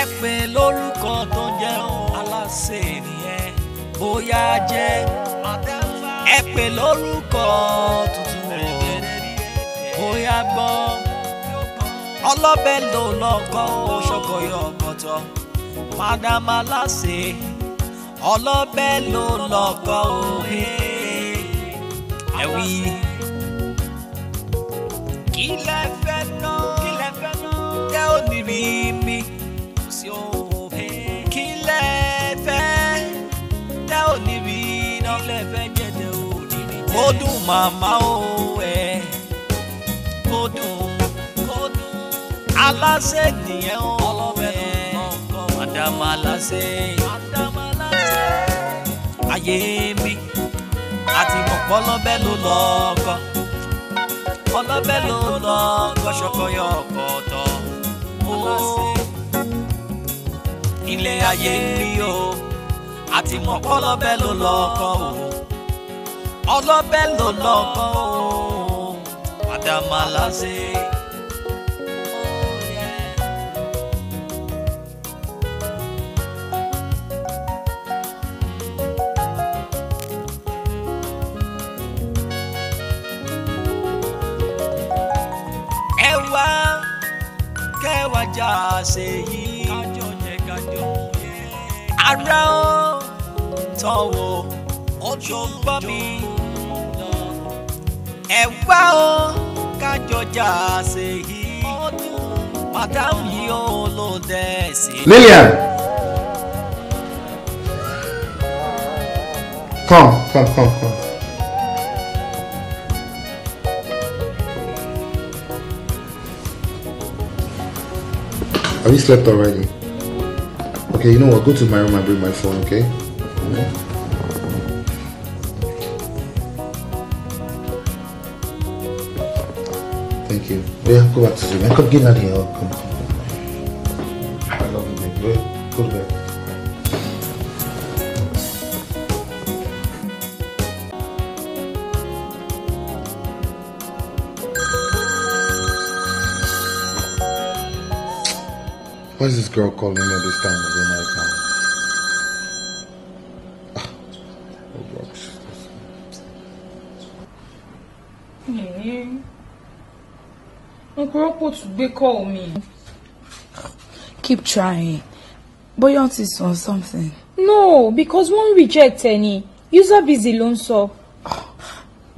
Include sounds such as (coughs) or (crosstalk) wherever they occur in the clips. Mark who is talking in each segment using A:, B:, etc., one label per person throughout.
A: ẹ pè lórúkọ tó jẹ́ òun aláṣẹ nìyẹn bóyá jẹ́ ẹ pè lórúkọ tuntun òun bóyá gbọ́ ọlọ́bẹ̀ ló lọ́kọ́ ṣọkọyọ ọ̀kọ̀tọ̀ madam aláṣẹ ọlọ́bẹ̀ ló lọ́kọ́ òun ẹ wí. kí lẹ fẹ́ náà kí lẹ fẹ́ náà tẹ́ ò mi. lẹ fẹ́ jẹ̀dẹ̀ o níbi tẹ́. ó dùn màmá o ẹ kó dùn kó dùn. aláṣẹ nìyẹn o ọlọ́fẹ́ lọ́kọ̀ madama aláṣẹ. madama aláṣẹ. ayé mi àti mọ̀pọ̀ lọ́bẹ̀ ló lọ́kọ̀ ọlọ́bẹ̀ ló lọ́kọ̀ ṣọkọyọ̀ ọkọ̀ tọ̀. ilé ayé mi o. Oh àti mọ̀ kọ́lọ́bẹ ló lọ́kọ́ o ọlọ́bẹ ló lọ́kọ́ o madam alaze. ẹ wá kẹwàá jà ṣèyí. kájọ jẹ kájọ. ara ó tọ́wọ́ ọjọ́ gbọ́ mi. ẹ wá o kájọjà ṣe yìí
B: màdámù yìí ó ló dẹ̀ Lillian
C: come come come come. Have you slept already? Okay, you know what? Go to my room and bring my phone, okay? Thank you. Yeah, go back to sleep. Come get out here. come, come. I love you, baby. Go to bed. Why is this girl calling me at this time of the night?
D: gbé call mi. keep trying bóyá ti sọ something. no because one reject ẹni user busy ló ń sọ.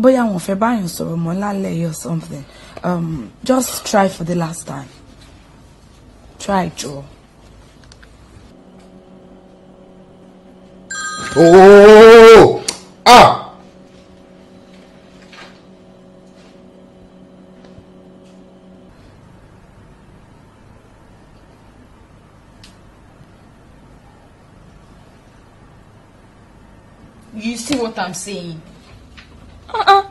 D: bóyá wọn fẹ́ báyọ̀ sọ̀rọ̀ mọ́ lálẹ́ yìí or something um, just try for the last time try jọ.
E: oh! ah
D: what i'm saying. Ah, ah.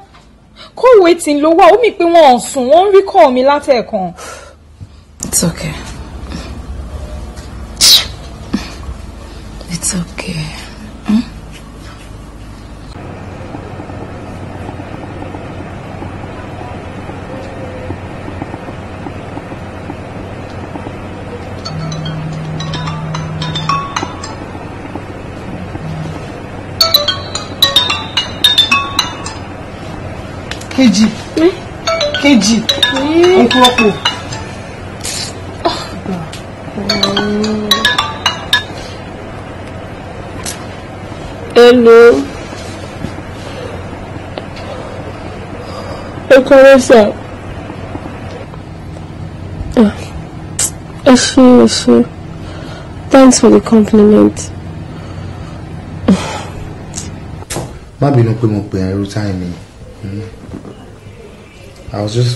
D: kó waiting call waiting. ó mì pé wọ́n sùn wọ́n ń rí kọ́ mi látẹ̀ẹ̀kan. it's okay.
F: rọ́pò.
E: Hello. ẹ kọ́rẹ́ sà.
D: Ah, ẹ ṣé ẹ ṣé thanks for the compliment.
C: má bínú pé mo pè ẹ́ irú táìmì hmm. I was just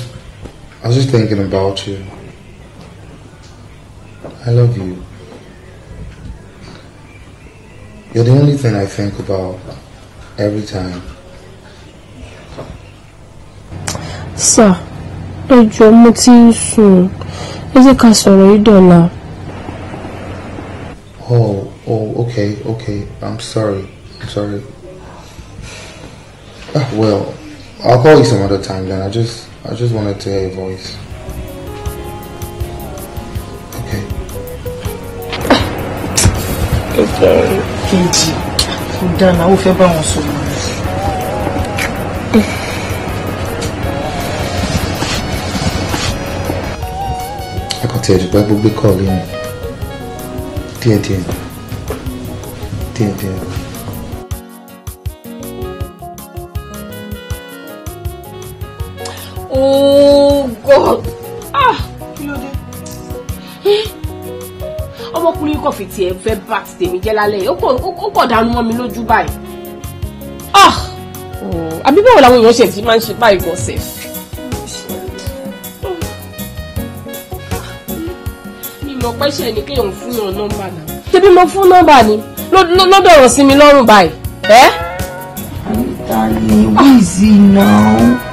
C: was just thinking about you. I love you. You're the only thing I think about every time.
D: Sir, ẹ jọ̀ọ́ mo ti ń sùn. Ẹ jẹ́ ká sọ̀rọ̀
C: Oh, oh, okay, okay. I'm sorry. I'm sorry. Ah, well, I'll call you some other time then. I just I just wanted to hear your voice. Okay. Okay.
F: Kejì, kò dáná, ó fẹ́ bá wọn sọ̀rọ̀.
C: A kò tiẹ̀ dùgbà gbogbo kọ́ọ̀lù yẹn. Díẹ̀díẹ̀. Díẹ̀díẹ̀.
D: fẹ́ bá ti tèmi jẹ́ lálẹ́ ó pọ̀ dànù mọ́ mi lójú báyìí. Ah! Hmm, àbí báwo làwọn èèyàn ṣe ti máa ń ṣe báyìí gan sef. mi mọ̀ ṣe ni kéèyàn fún yàn nọ́mbà náà. tẹ́bí mo fún nọ́mbà ni lọ́dọ̀ ọ̀rọ̀ sí mi lọ́rùn báyìí. ẹ́. ni wíìzì náà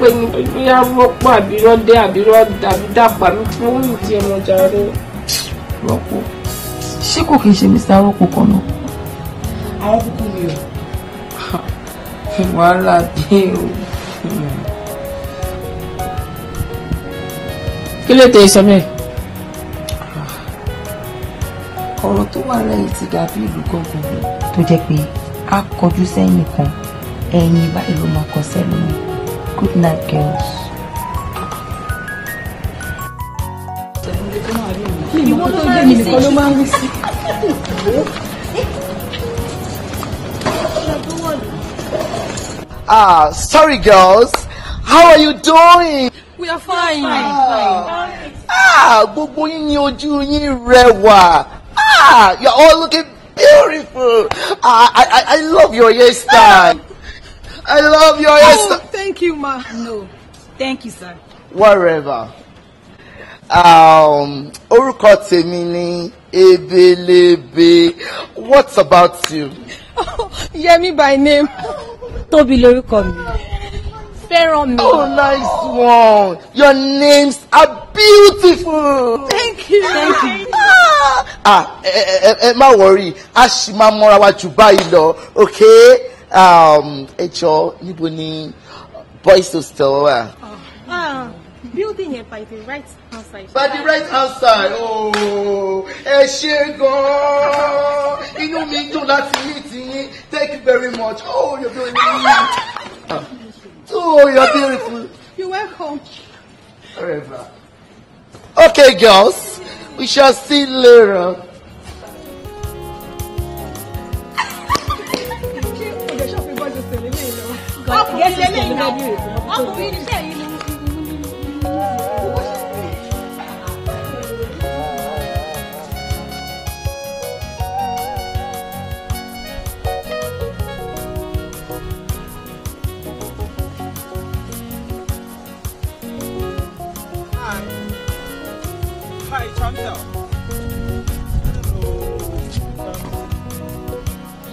D: pè mí bóyá rọ́pò àbí rọ́dẹ àbí rọ́dà àbí dàpà mi fún òun ti ẹ̀mọ jàre. rọ́pò ṣé kò kí n ṣe mr rọ́pò kan náà. àwọn kúkú mi o. wàhálà dé o. kí ló tẹ ìsọ bẹ́ẹ̀. ọ̀rọ̀ tó wà lẹ́yìn ti dàbí ìlú gọ́gùn tó jẹ́ pé a kọjú sẹ́yìn kan ẹ̀yìn báyìí ló máa kọ sẹ́yìn good night, girls.
A: ìwọ ló máa ń
G: Ah, sorry, girls. How are you doing?
D: We are ah. fine.
G: Ah, gbogbo yín ni ojú yín rẹwà. Ah, you are all looking beautiful. Ah, I, I, I love your hairstyle.
H: I love your oh. hairstyle. Thank you, ma. No, thank you, sir.
G: Whatever. Um, orúkọ tèmi ni Ebelebe. What about you? Oh, Yemi by name. Tóbi lórúkọ mi. Fẹ́ràn mi. Oh, nice one. Your names are beautiful. Thank you. Thank you. Ah, ẹ ah, ẹ eh, eh, eh, má worry, a ṣì máa mọ́ra wa jù báyìí lọ, okay? Um, ẹ jọ níbo ni boys hostel wà. building yẹn by the right hand side. by the right hand side Oh, ẹ you know me inú mi meeting. thank you very much oh you're very good (laughs) oh you're beautiful. you're welcome. Forever. okay girls we shall see later.
F: ẹsẹ̀ lẹ́yìn náà
D: ọkùnrin ní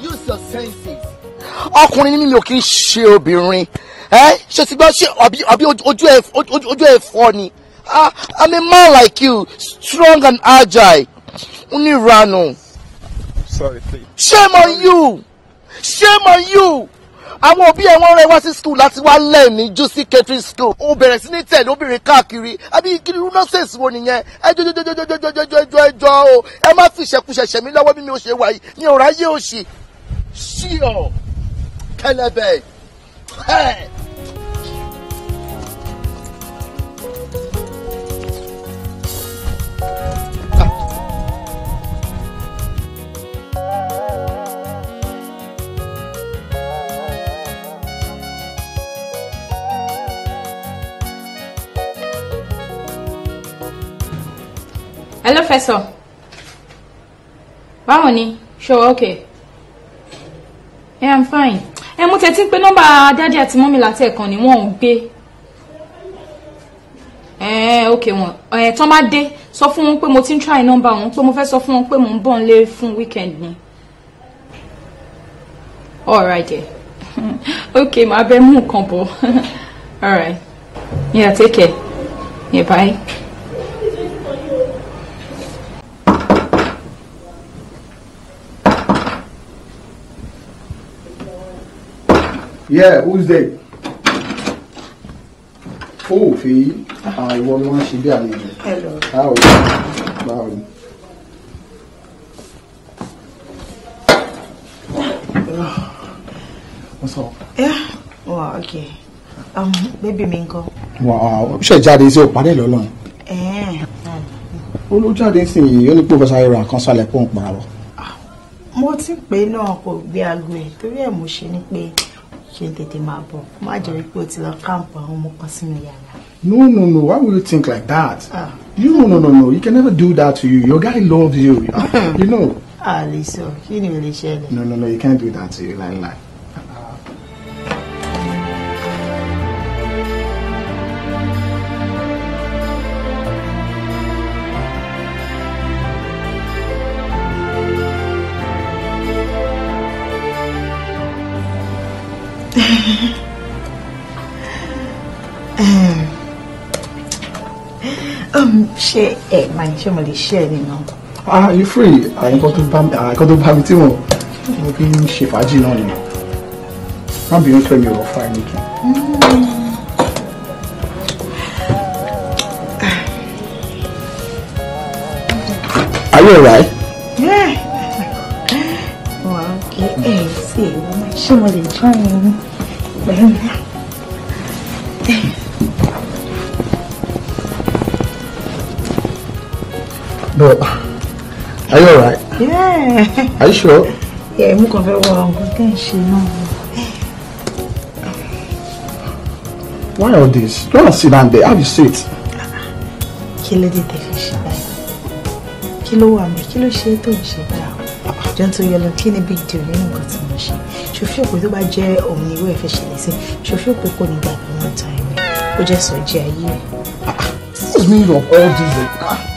G: Use your senses ọkùnrin ni mi ò kì í ṣe obìnrin ṣe ti gbọ́ ṣe àbí ojú ẹ fọ́ ni I'm a man like you strong and agile oníranu shame on you shame on you àwọn òbí ẹ wọ́n rẹ wá sí school láti wá lẹ́ẹ̀ni juicy catering school ó bẹ̀rẹ̀ sí ní tẹ̀lé obìnrin káàkiri àbí kiri nurses wo nìyẹn ẹ jọ jọ jọ jọ jọ jọ jọ jọ jọ o ẹ má fi ìṣẹkùṣẹṣẹ mi lọ́wọ́ bí mi ò ṣe wà yìí mi ò ráyè òṣì ṣí ọ kelebek. Hey!
D: Hello, Fẹsọ. Báwo ni? Sure, okay. Yeah, I'm fine ẹ mú tẹ́tí pé nọ́mbà dádì àti mọ́mí láti ẹ̀kan ni wọ́n ń gbé ẹ̀ẹ́n ok wọn ẹ̀ tán bá dé sọ fún wọn pé mo ti ń try nọ́mbà wọn pé mo fẹ́ sọ fún wọn pé mo ń bọ̀ nílé fún weekend ni alright yeah. (laughs) ok màá bẹ mú nǹkan bọ̀ (laughs) alright yeah take care yeah bye.
B: Yeah, who's there? Oh, Fèyí, ìwọ ni wọ́n ṣe bí àná rẹ̀. Hello. Báwo ni? Báwo ni? What's up?
D: Yeah, wow, okay. Um, baby mi ńkọ́?
B: Wow, ṣe jáde sí òpàdé lọ́lọ́run.
D: Eh, um.
B: Olójáde sì yìí o ní pé Bọ́sá Yorùbá kan sálẹ̀ pọ̀ ń parọ́.
F: Mo ti pè é náà kò gbé aago ẹ̀ torí ẹ̀ mo ṣe ni pé kí tètè máa bọ̀ má jẹ́ pé o ti lọ káàmpù àwọn ọmọ kan sínú yàrá.
B: no no no why would you think like that ah. you no no no no you can never do that to you your guy loves you (laughs) you know. a ah, lè sọ kí ni o lè ṣẹlẹ̀. no no no you can't do that to you láíláí. Like, like.
D: ṣé ẹ máa ṣé mo lè ṣe ẹ nínú.
B: ah you free àyíkọ́ ah, ah, tó bá mi tí mo mo fi ń ṣe fàájì náà nìyẹn má bínú fẹ́ mi ò rọ̀
I: fún ẹ nìkan. Are you alright?
E: Yeah. Well, okay. Hey, see, I'm sure they're trying. Hey.
G: But are you alright?
D: Yeah. Are you sure? Yeah, I'm kàn fẹ́ wọ nǹkan tẹ́ ń ṣe
B: Why all this? Don't sit down there. Have you sit?
D: Kí ló dé tẹ fi ṣe báyìí? Kí ló wà mí? Kí ló ṣe tó ń ṣe báyìí? Jọ́n tó yẹ lọ kí ni big deal nínú nǹkan tí mo ṣe? Ṣòfin òpè tó bá jẹ́ òun ni irú ẹ̀ fẹ́ ṣẹlẹ̀ sí. Ṣòfin òpè kò ní gbàgbé wọn tán ẹ̀mí. Ó meaning
B: ah, ah. of all this? Ah.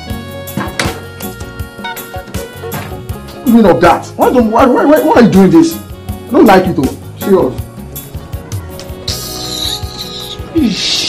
B: the meaning of that? Why, don't, why, why, why, why are you doing this? I don't like it though. Serious. Eesh.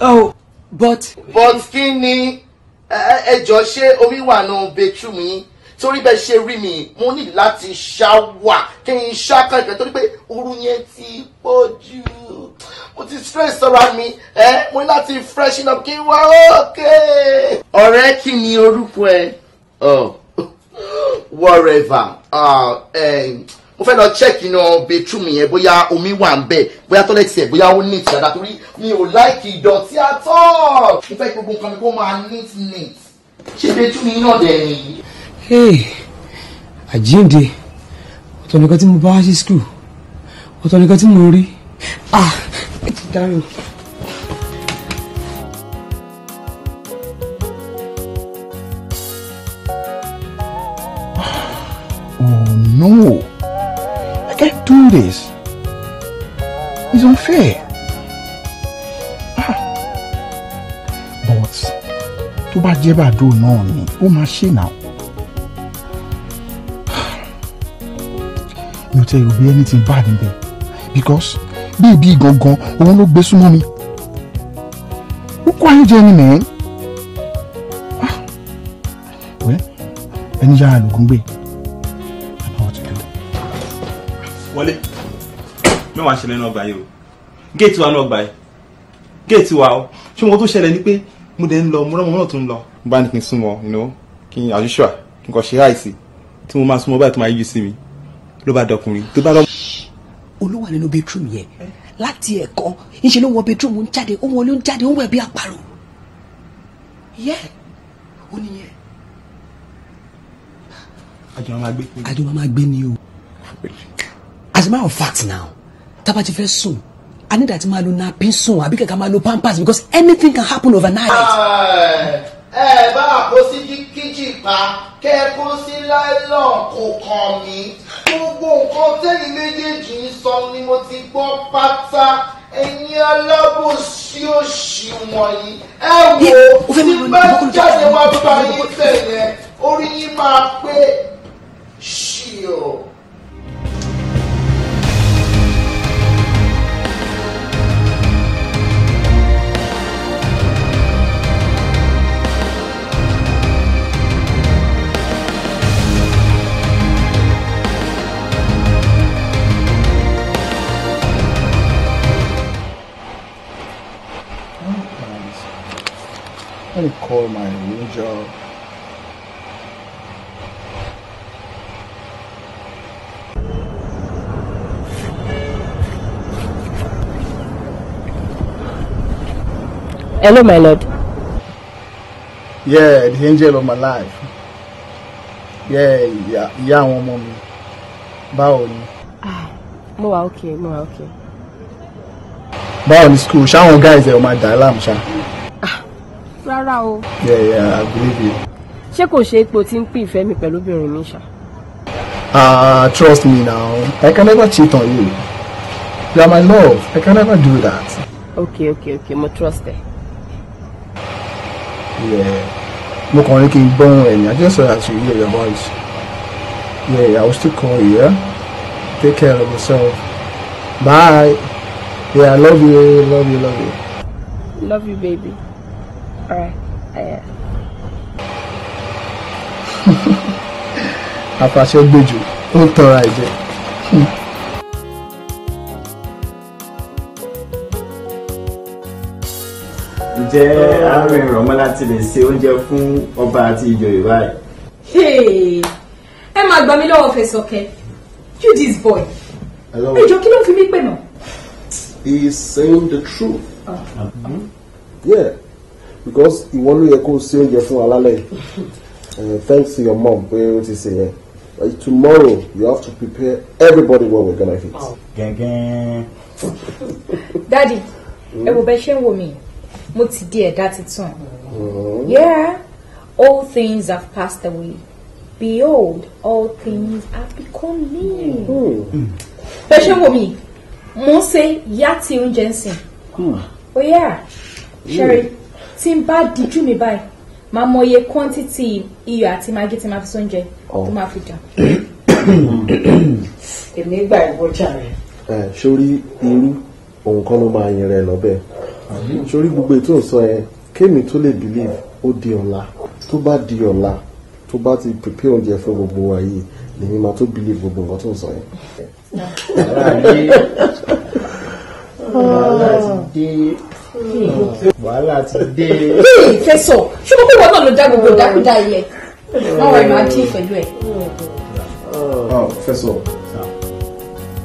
G: oh but. but kí ni ẹ jọ ṣé omi wà nù bathroom yín torí bẹ́ẹ̀ ṣe rí mi mo ní láti ṣáwà kí n ṣá kankan torí pé ooru yẹn ti pọ̀ jù mo ti stress sọ́ra mi ẹ mo ní láti freshen up kí n wá okay. ọ̀rẹ́ kí ni orúkọ ẹ oh, (laughs) whatever. Uh, um, mo fẹ́ lọ check iná bathroom yẹn bóyá omi wà ń bẹ̀ bóyá toilet yẹn bóyá ó neat dáadáa torí mi ò like ìdọ̀tí at all mo fẹ́ gbogbo nǹkan mi kó máa neat neat ṣé bathroom yìí náà dẹ̀ nìyí.
H: àjíǹde ọ̀tọ̀ nìkan tí mo bá wá sí school ọ̀tọ̀ nìkan tí mo rí ah ẹ ti dáhùn.
C: Oh no! can't do this.
B: It's unfair. But tó bá jẹ́ do no ni ó máa ṣe náà.
C: Mi ò tẹ́ ìrò anything bad in there, because
B: bíbí gangan òun ló gbé súnmọ́ mi. Ó kó ayé jẹ́ ni mẹ́ẹ́. Ẹni yára lògùn gbé.
J: wọlé mẹ́wàá ṣẹlẹ̀ ní ọgbà yìí o géètì wa ní ọgbà yìí géètì wa o ṣé wọn tó ṣẹlẹ̀ ni pé mo dẹ̀ ń lọ mo rọ́mọ náà tó ń lọ. mo bá ní kí n súnmọ́ you know kí n àṣùṣùà kí n kàn ṣe àìsí tí mo máa súnmọ́ báyìí tó máa yíjú sí mi ló bá dọkùnrin tó bá lọ.
H: olówó nínú bedroom yẹn
D: láti ẹ̀kọ́ ńṣe ló wọ bedroom ń jáde ó wọlé ń jáde ó wẹ̀ bí àparò yẹ ó nìyẹn.
H: àjọ máa gbé ni o as a matter of fact now tábà ti fẹ́ sùn a ní dàtí máa lo napin sùn àbí kẹ̀kẹ́ máa lo pampers because anything can happen overnight.
I: ẹ
G: bá a kó sí kíjì pa kẹ kó sí láìlọ́n kò kàn mí gbogbo nǹkan tẹ́yìn méjèèjì ń sọ ni mo ti gbọ́ pátá ẹ̀yin alábòsí òṣì wọ̀nyí ẹ wo tí bá jáde wá bá yín tẹ̀lé orí yín máa pé.
B: gonna call my new Hello, my lord. Yeah, the angel of my life. Yeah, yeah, yeah, àwọn ọmọ mi. Báwo ni?
D: Ah, mo wà okay, mo wà okay.
B: Báwo ni school? Ṣáwọn guys ẹ̀ ọ́ máa dà láàmú ṣáà rárá o. yeah yeah i believe you.
D: ṣé kò ṣe ipò tí ń pín ìfẹ́ mi pẹ̀lú obìnrin mi ṣá.
B: ah trust me now i can never cheat on you you are my love i can never do that.
D: okay okay okay mo trust ẹ.
B: yeah mo kàn ní kí n gbọ́n ẹ̀yìn i just saw that you hear your voice yeah i will still call you yeah? take care of yourself bye yeah i love you love you love you.
D: love you baby.
B: Alright, alright. Àfàṣẹ gbèjò, ó ń tọrọ àìjẹ́.
I: Ǹjẹ́ àárín ìrànmọ́lá ti lè ṣe oúnjẹ fún ọba àti ìjòyè
D: báyìí? Ẹ máa gbà mí lọ́wọ́ Fẹ̀sọ̀kẹ́, you this boy. Ìjọ kí ló fi mí pè náà?
B: He's saying the truth. Oh. Mm Yeah because ìwọ ló yẹ kó o ṣe oúnjẹ fún wa lálẹ́ eh, thanks to your mom pé o ti ṣe yẹn tomorrow you have to prepare everybody what we're gonna eat.
A: gẹ́gẹ́n.
D: dadi hmm? ẹ wo bẹ ṣe ń wò mí mo ti di ẹ̀dá titun.
E: Hmm? yeah
D: all things have passed away behold all things have become new. Hmm. bẹ ṣe ń wò mí mo ń ṣe yá ti oúnjẹ ń sìn. ó yà ṣẹ́rí tí n bá dijú mi báyìí máa mọ iye quantity iyọ̀ àti magi tí máa fi sóúnjẹ tó oh. máa fi dà. (coughs) èmi gbà ìwọjà rẹ.
B: ẹ sórí irú òun kọ́ ló máa yin rẹ lọ́bẹ̀ sórí gbogbo ètò ìsọ yẹn kémi tó lè believe ó di ọ̀la tó bá di ọ̀la tó bá ti prepare oúnjẹ fún gbogbo wa yìí lèmi máa tó believe gbogbo nǹkan tó ń sọ yẹn. ọ̀la yìí ọ̀la
I: ti dé wàhálà ti dé.
D: ìfẹ́ sọ ṣùgbọ́n pé wọn náà ló dá gbogbo dákúdá ilẹ̀ wọn wà ní àdí pẹ̀lú ẹ̀.
B: Oh, fẹ́ sọ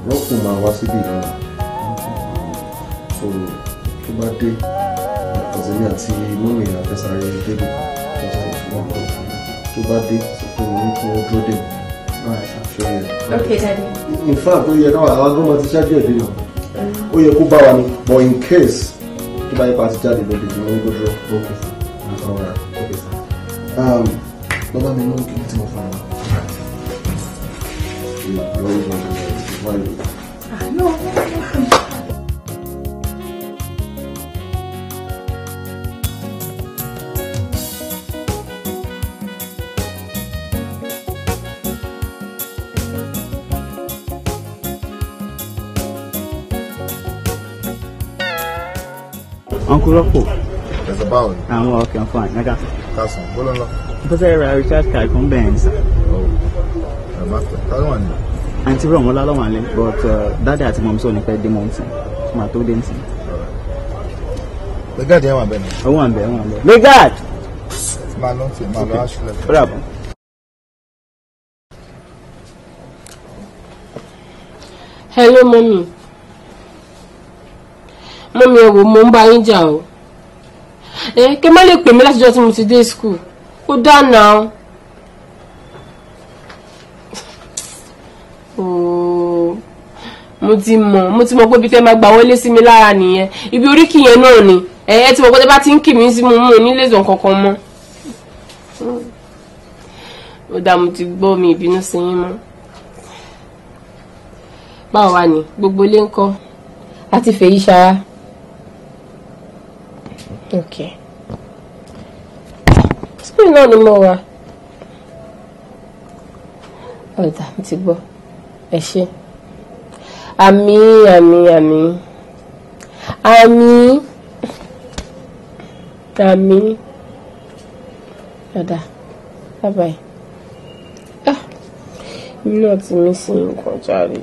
B: rọ́pò máa wá síbí ìlànà tó tó bá dé àtọ̀sílẹ̀ àti mọ́mì àfẹsàrẹ́ débì tó bá dé tó ní kí wọ́n dúró dé. In fact, ó yẹ káwọn àwọn agbọ́n ti ṣáájú ẹ̀dínà. Ó yẹ kó bá wa ní, but in case tó bá yípa ti jáde lóde tí mo ní gbọ́dọ̀ ó kù fún nǹkan ọ̀rá ó kù fún. lọ́ba mi mú kí n tí mo fara wa. Ah, no.
I: rọ́pò. ẹ̀sẹ̀ báwo ah, oh, uh, ni. àwọn ọkẹ́ fún àyíká.
C: kásán bọ́lá ńlá.
I: mo fẹ́ ra richard card fún bẹ́ẹ̀ni sá. ọ̀ master kálí wà àǹtí rọ̀ wọ́n lálọ́wọ́ àlẹ́ but dáadé àti mọ̀mísọ̀ ní pẹ́ dé mọ́ǹtì máa tó dé ǹtì. legard yẹn wà bẹ́ẹ̀ ni. ó wà bẹ́ẹ̀ wà bẹ́ẹ̀. legard. máa lọ sí máa lọ aṣọ
D: hello mommy mú mi ẹ̀wò mo ń bá yín jà o ẹ kí má lè pè mí látijọ́ tí mo ti dé skul ó dáná o mo ti mọ̀ mo ti mọ̀ pé ibi tẹ́ máa gbà wọlé sí mi lára nìyẹn ibi oríkì náà ni ẹ ẹ ti mọ̀ pé tẹ́ bá ti ń kì mí sí mo mú un nílé ìzàn kankan mọ́ ó dá mo ti gbọ́ mi ìbínú sí yín mọ́ báwo wá ni gbogbo ilé ń láti fèyí ṣara ok school náà ni mo Oh, ọ̀dà mi ti Is she? ṣe àmì àmì àmì àmì àmì ọ̀dà bye-bye ah, èmi náà ti mí sí nǹkan járe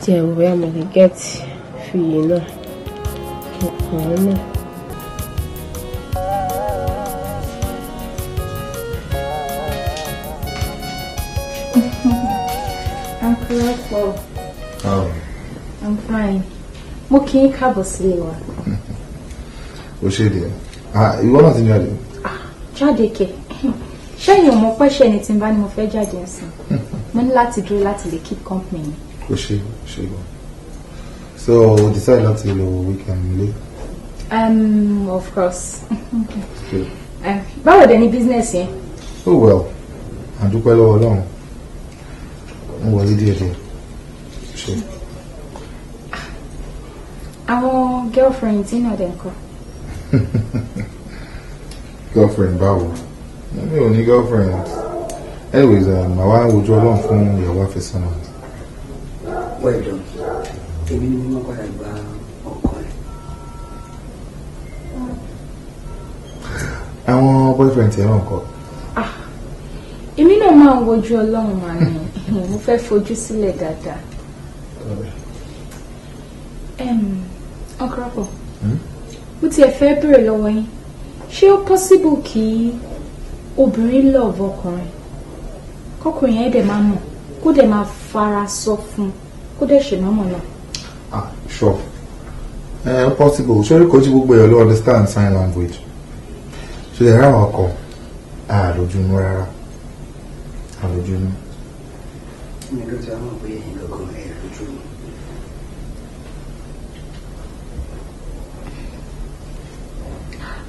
D: tí ẹ̀rù bẹ́ẹ̀ mo lè gẹ́ẹ̀tì fìyè now ọkùnrin náà. Uncle Akpo. How are you? I'm fine. Oh. Mo kí yín káàbọ̀ sílé wa.
C: Ó ṣe dé. Ah, ìwọ náà ti jáde. Ah,
D: jáde kẹ̀. Ṣẹ́yìn ò mọ pẹ́ṣẹ̀ ni tí n bá ní mo fẹ́ jáde ẹ̀sìn. (laughs) Mo ní láti dúró láti lè keep company.
C: Ó ṣe, ó ṣe gan. So we decided not to know we can lé.
D: Um, of course. okay. Uh, um, báwo any ni business yẹn?
C: Oh well, I do Ọlọ́run, ń wọlé What did you do?
D: girlfriend Our girlfriend, dẹ̀ ń kọ́.
C: (laughs) Girlfriend báwo? Mi ò ní girlfriend. Anyways, my um, màá wá ojú Ọlọ́run fún ìyàwó àfẹ́sọ́nà.
H: Well done tèmi ni mo padà gba ọkọ rẹ̀.
C: àwọn boyfriend ẹ̀ náà kọ. Ah,
D: èmi náà máa ń wojú ọlọ́run mà ní mo fẹ́ fojú sílẹ̀ dáadáa. ọkọ̀rọ̀pọ̀ hmm? mo tiẹ̀ fẹ́ béèrè lọ́wọ́ yín ṣé ó possible kí obìnrin love ọkùnrin kọkùnrin yẹn dẹ̀ máa mọ̀ kó dẹ̀ máa fara sọ fún un kó dẹ̀ ṣe mọ́mọ́ náà
C: ah sure ẹ eh, possible sori kò tí gbogbo èèyàn ló understand sign language So lè ráwọn ọkọ àròjùnú rárá àròjùnú.
H: mi ló ti wá mọ̀ pé ẹ̀yin lọ́kọ̀ ẹ̀ lójúmọ́.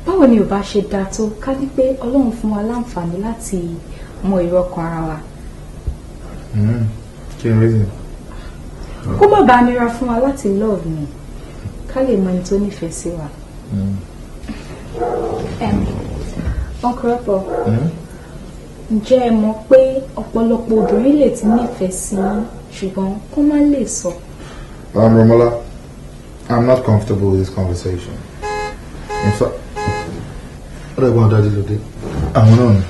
D: báwo ni ò bá ṣe dáa tó ká ní pé ọlọ́run fún wa láǹfààní láti mọ èrò ọkàn ara wa.
B: Hmm. kí ni reason
D: kó má bàa nira fún wa láti love mi ká lè mọ ẹni tó nífẹ̀ẹ́ sí wa. Hmm. uncle paul hmm? ǹjẹ́ ẹ mọ̀ pé ọ̀pọ̀lọpọ̀ obìnrin lè ti nífẹ̀ẹ́ sí i ṣùgbọ́n kó má lè sọ.
C: Um, Romola, I'm not comfortable with this conversation. In fact, what dẹ̀ gbọ́n dájú lóde àwọn náà ni.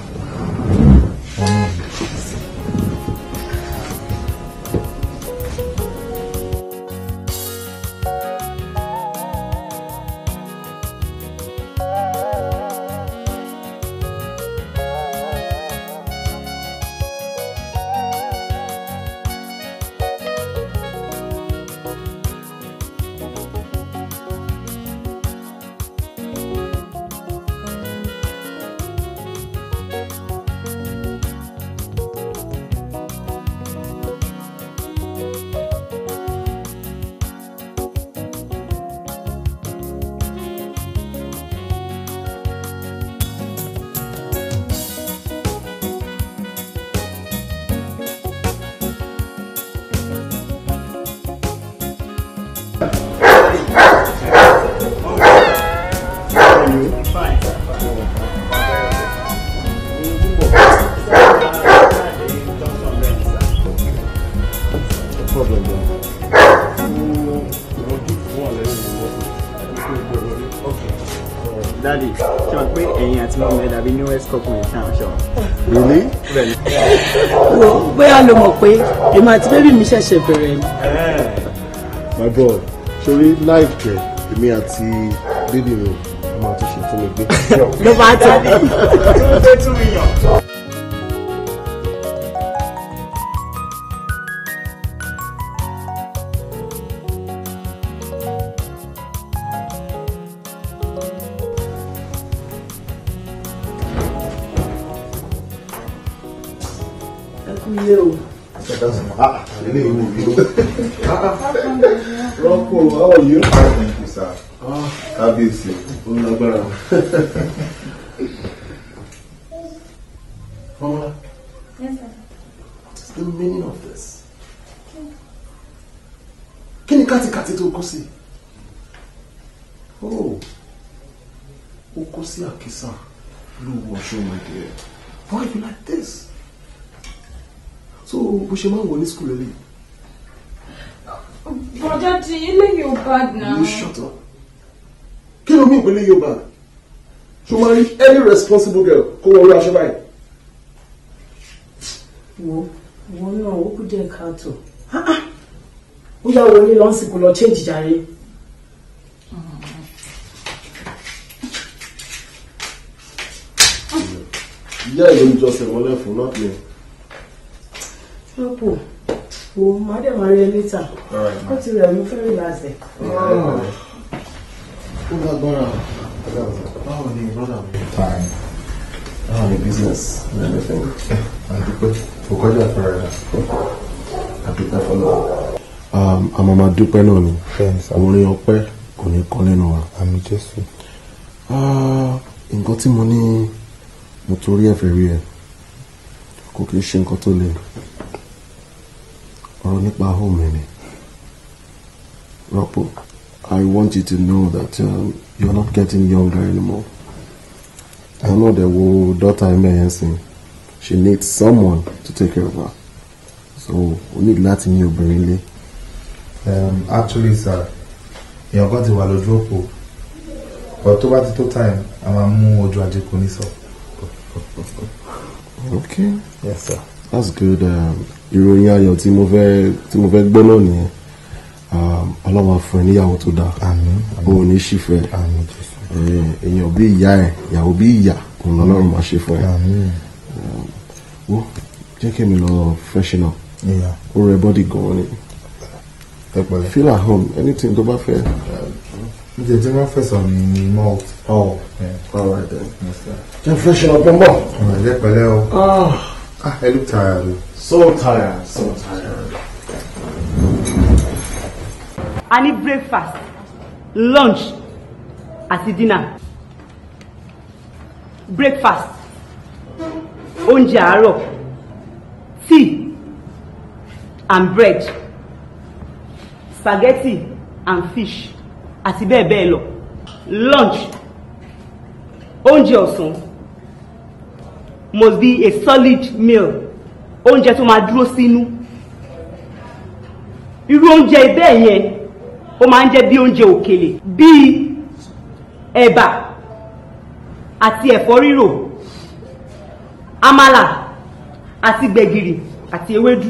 I: Daddy, ṣe wọn pé ẹ̀yin àti mọ mi dàbí newest couple in town ṣọ. really. wo bóyá lo mọ̀ pé èmi àti bébí
D: mi ṣẹ̀ṣẹ̀ bẹ̀rẹ̀ ni.
B: Eh. my boy sori láìpẹ́ èmi àti bébí mi máa tún ṣe fún mi gbé. ló bá tẹ̀. Hola, Una (laughs) responsible girl kó wọ orí aṣọ báyìí.
D: wo wọn náà ó kú díẹ̀ káàtó ó yá wọlé lọ́sìnkú lọ change jàre.
B: ìyá ìlú ń jọsẹ̀ wọlé fún náà pé.
F: ṣọ́pù wo máa dẹ̀ máa rí ẹ létà
B: ó ti rẹ̀ mí fẹ́rẹ̀ láti. ó lágbára báwo ni brother mi. fine báwo the business and everything. àdúpẹ́ kò kọjá àfẹ́rẹ́ rẹ̀ àdúpẹ́ fọlọ́. àmọ́ um, máa dúpẹ́ náà ni orin ọpẹ́ kò ní kọ́ lẹ́nu wa. àmì jésù. Ah, nǹkan Only mo ní mo torí ẹ̀fẹ̀ rí ẹ kò kì í ṣe nǹkan tó le ọ̀rọ̀ nípa home mi ni I want you to know that. Um, you're not getting younger anymore. I know the wo daughter emergency. She needs someone to take care of her. So we need láti ní obìnrin lé. Um, actually sir èèyàn kan ti Walodropo, but tó bá
C: ti tó time a máa mú ojú ajé okay yes sir.
B: that's good Um, you're ìròyìn ayọ̀ tí mo fẹ́ gbọ́ náà Bologna. Um, ọlọ́wọ́ fún ẹ níyàwó tó dáa òun ní ṣìfẹ́ èèyàn bí ìyá ẹ ìyàwó bí ìyá òun lọ́lọ́run máa ṣe fún ẹ um, wo jẹ́ kí mi lọ freshen up ó rẹ bọ́dì gan-an ni feel at home anything tó bá fẹ́.
C: The general first on the mouth.
B: Oh, yeah. All right then. Yes, sir. Just freshen up your mouth. All right, yeah, o. Ah, I ah, look tired. So tired, so tired.
D: a ní breakfast lunch àti dinner breakfast oúnjẹ àárọ̀ tea and bread
F: spaghetti and fish àti bẹ́ẹ̀ bẹ́ẹ̀ lọ lunch oúnjẹ ọ̀sán must be a solid
H: meal oúnjẹ tó máa dúró sínú irú oúnjẹ
D: bẹ́ẹ̀ yẹn ó máa ń jẹ́ bí oúnjẹ òkèlè bíi ẹ̀bà àti ẹ̀fọ́ rírò àmàlà
H: àti gbẹ̀gìrì àti ewédú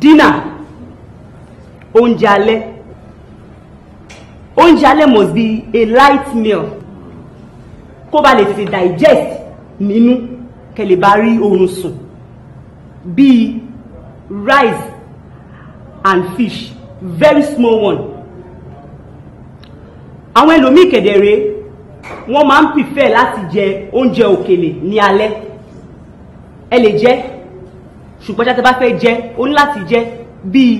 H: dínà
D: oúnjẹ alẹ́ oúnjẹ alẹ́ must be a light meal kó ba lè tètè digest nínú kẹlẹ̀
F: bá rí oorun sùn bíi rice
H: and fish very small one àwọn ẹlòmíì kẹ̀dẹ̀rẹ́ wọ́n máa ń prefer láti jẹ oúnjẹ òkèlè ní alẹ́
F: ẹ lè jẹ ṣùgbọ́n tí a bá fẹ́ jẹ o ní láti jẹ bíi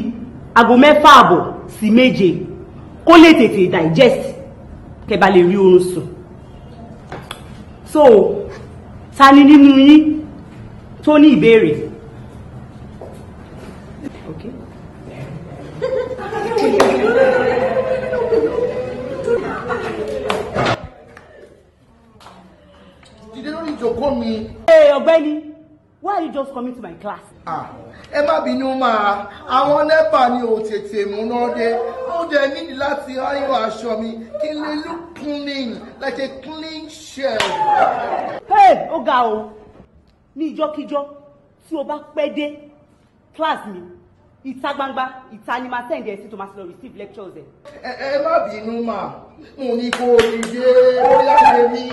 F: aago mẹ́fà àbọ̀ sí méje kó lè tètè digest kẹ́ bá lè rí oorun sùn so ta ni nínú yín
H: tó ní ìbéèrè.
G: Dìde lórí ìjòkó mi. Ee ọ̀gbẹ́ni, why are you just coming to my class? Ah, ẹ má bínú máa, àwọn nẹ́pà ni ò tètè múná dé. Ó dẹ nídìí láti ayọ̀ aṣọ mi kí n lè look clean like a clean shell? Hey ó ga o,
D: ní ìjọ́kíjọ́ tí o bá pẹ́ dé class mi ìta gbangba ìta ni máa sẹ́ǹdì ẹ̀ sí tó máa ti lọ receive lectures ẹ̀.
G: ẹ ẹ má bínú mà mo ní kó o ní dé ó yá mi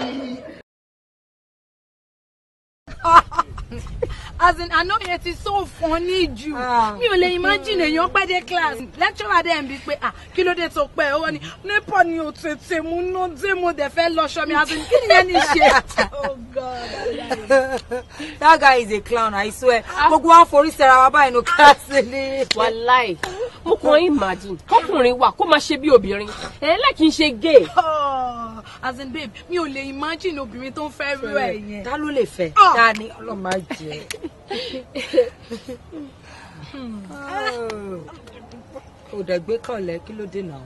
D: as in know it is so funny jù ah, mi ò lè imagine èèyàn pẹ́ dé class lecturer dẹ̀ ń bi pé ah kí ló dé tó pẹ́ ó wọ́n ní nípò ni ò tètè mú ná dé mo dẹ̀ fẹ́ lọ́ṣọ mi as in kí ni ẹni ṣe. (laughs) oh god that guy is a clown i swear ah. gbogbo wa forí sẹ́ra wa báyìí ní kíláàsì (laughs) ni. wàláì mo kàn ń imagine kọkùnrin wà kó máa ṣe bí obìnrin ẹ̀ láì kí n ṣe gay. Oh as in babe mi ò lè imagine obìnrin tó ń fẹ́ rú ẹ̀ yẹn. ta ló lè fẹ́ ah! ta ni ọlọ́run máa jẹ. kò (laughs) hmm. dẹ̀ gbé kànlẹ̀ kí ló dènà o.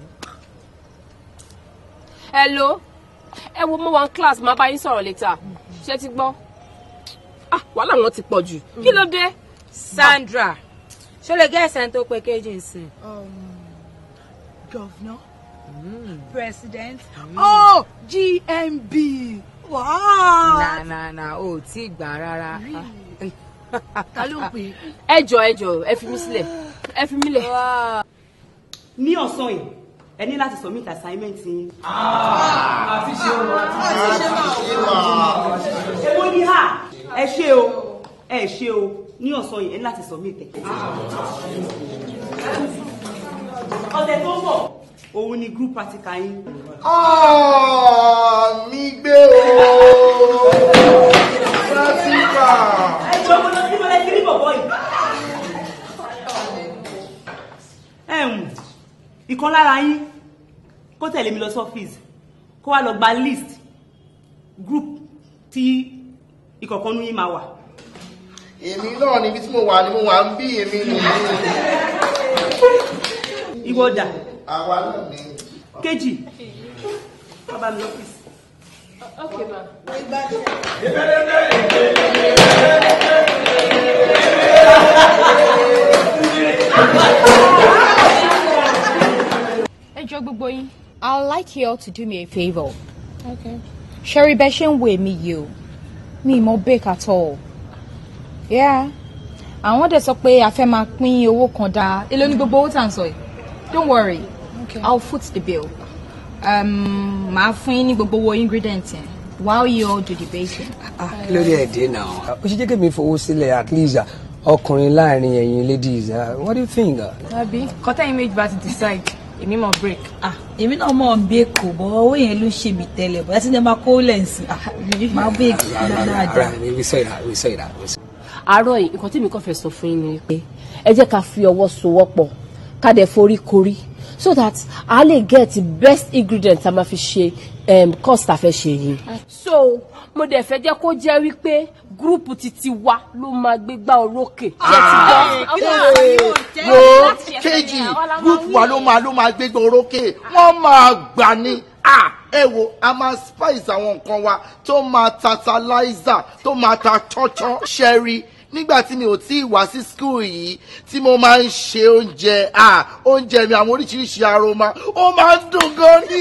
D: hello ẹ wo mo wà class máa bá yín sọ̀rọ̀ later mm-hmm. ṣé ti gbọ́ ah, wàhálà wọn ti pọ̀ jù kí ló dé. Sandra ṣó lè gẹ́ ẹ̀sán tó pé kéjì ń sìn. Um, gọ̀vnà mm. president mm. oh GMB wow. na na na o ti gbà rárá. (laughs) ta ló ń pè é. ẹ jọ ẹ jọ ẹ fi mí sílẹ̀ ẹ fi mí lẹ̀. ní ọ̀sán yìí ẹ ní láti submit assignment yín.
E: Ah, àti ṣe o àti ṣe o.
D: èwo ni ha ẹ ṣe
H: o ẹ ṣe o ní ọ̀sán yìí ẹ ní láti submit ẹ.
D: ọ̀sẹ̀ tó ń bọ̀
H: òun ni group practical yín.
G: Ah, mi gbé o
H: practical.
G: ẹ jọ mo lọ sí mo lẹ kiri bọ̀bọ̀ yìí.
F: ẹ ń ìkan lára yín kó tẹ̀lé mi lọ sí ọ́fíìsì
G: kó wá lọ gba list group tí ìkọ̀kan yín máa wà. èmi náà níbi tí mo wà ni mo wà ń bí èmi nìyí. ìwọ àwa náà ni. kejì
H: bàbá mi lọ́fíìsì. okay ma. ìbẹ̀rẹ̀ bẹ́ẹ̀.
D: ẹ jọ gbogbo yín. I like you all to do me a favor. Okay. Sherry Beshin will me you. Me more bake at all. Yeah. Àwọn dẹ̀ sọ pé a fẹ́ máa pín owó kan dáa. Èló ni gbogbo owó tà ń sọ yìí? don't worry okay. i'll foot the bill um màá fún yín ní gbogbo owó ingredient yẹn while you all do the baking. Ah, lórí ẹ̀dín
H: náà. o ah, ṣe jẹ́ kí mi fowó sílẹ̀ at least ah, ọkùnrin láàrin ẹ̀yin ladies what do you think.
D: tàbí kọ́tà image bá ti decide èmi mọ̀ break. èmi náà mọ̀ ń bẹ́ẹ̀ kò bọ́ owó yẹn ló ṣe mí tẹ́lẹ̀ bọ́ ẹtí ní ẹ máa kó lẹ́ǹsì máa bẹ́ẹ̀ kí ló máa dà. àárọ̀ yìí nǹkan tí mi kàn fẹ́ sọ fún yín ni pé ẹ jẹ́ ká fi ọwọ́ sowọ́pọ̀ ká dẹ̀ forí korí so that a lè get the best ingredient tá a máa fi ṣe um, course tá a fẹ́ ṣe yìí. so mo dẹ̀ fẹ́ jẹ́ kó jẹ́ wípé gúrúùpù titi
G: wa ló máa gbé gbá orókè. Ah, wo kejì gúrúùpù wa ló máa ló máa gbé gbá orókè wọ́n máa gbà ní ah, ẹ wo a máa spice àwọn nǹkan wa tó máa tantalizer tó máa ta tọ́tọ́ ṣẹ́rí nígbà tí mi ò tí ì wá sí skul yìí tí mo máa ń ṣe oúnjẹ oúnjẹ mi àwọn oríṣiríṣi aroma ó máa ń dùn gan ni.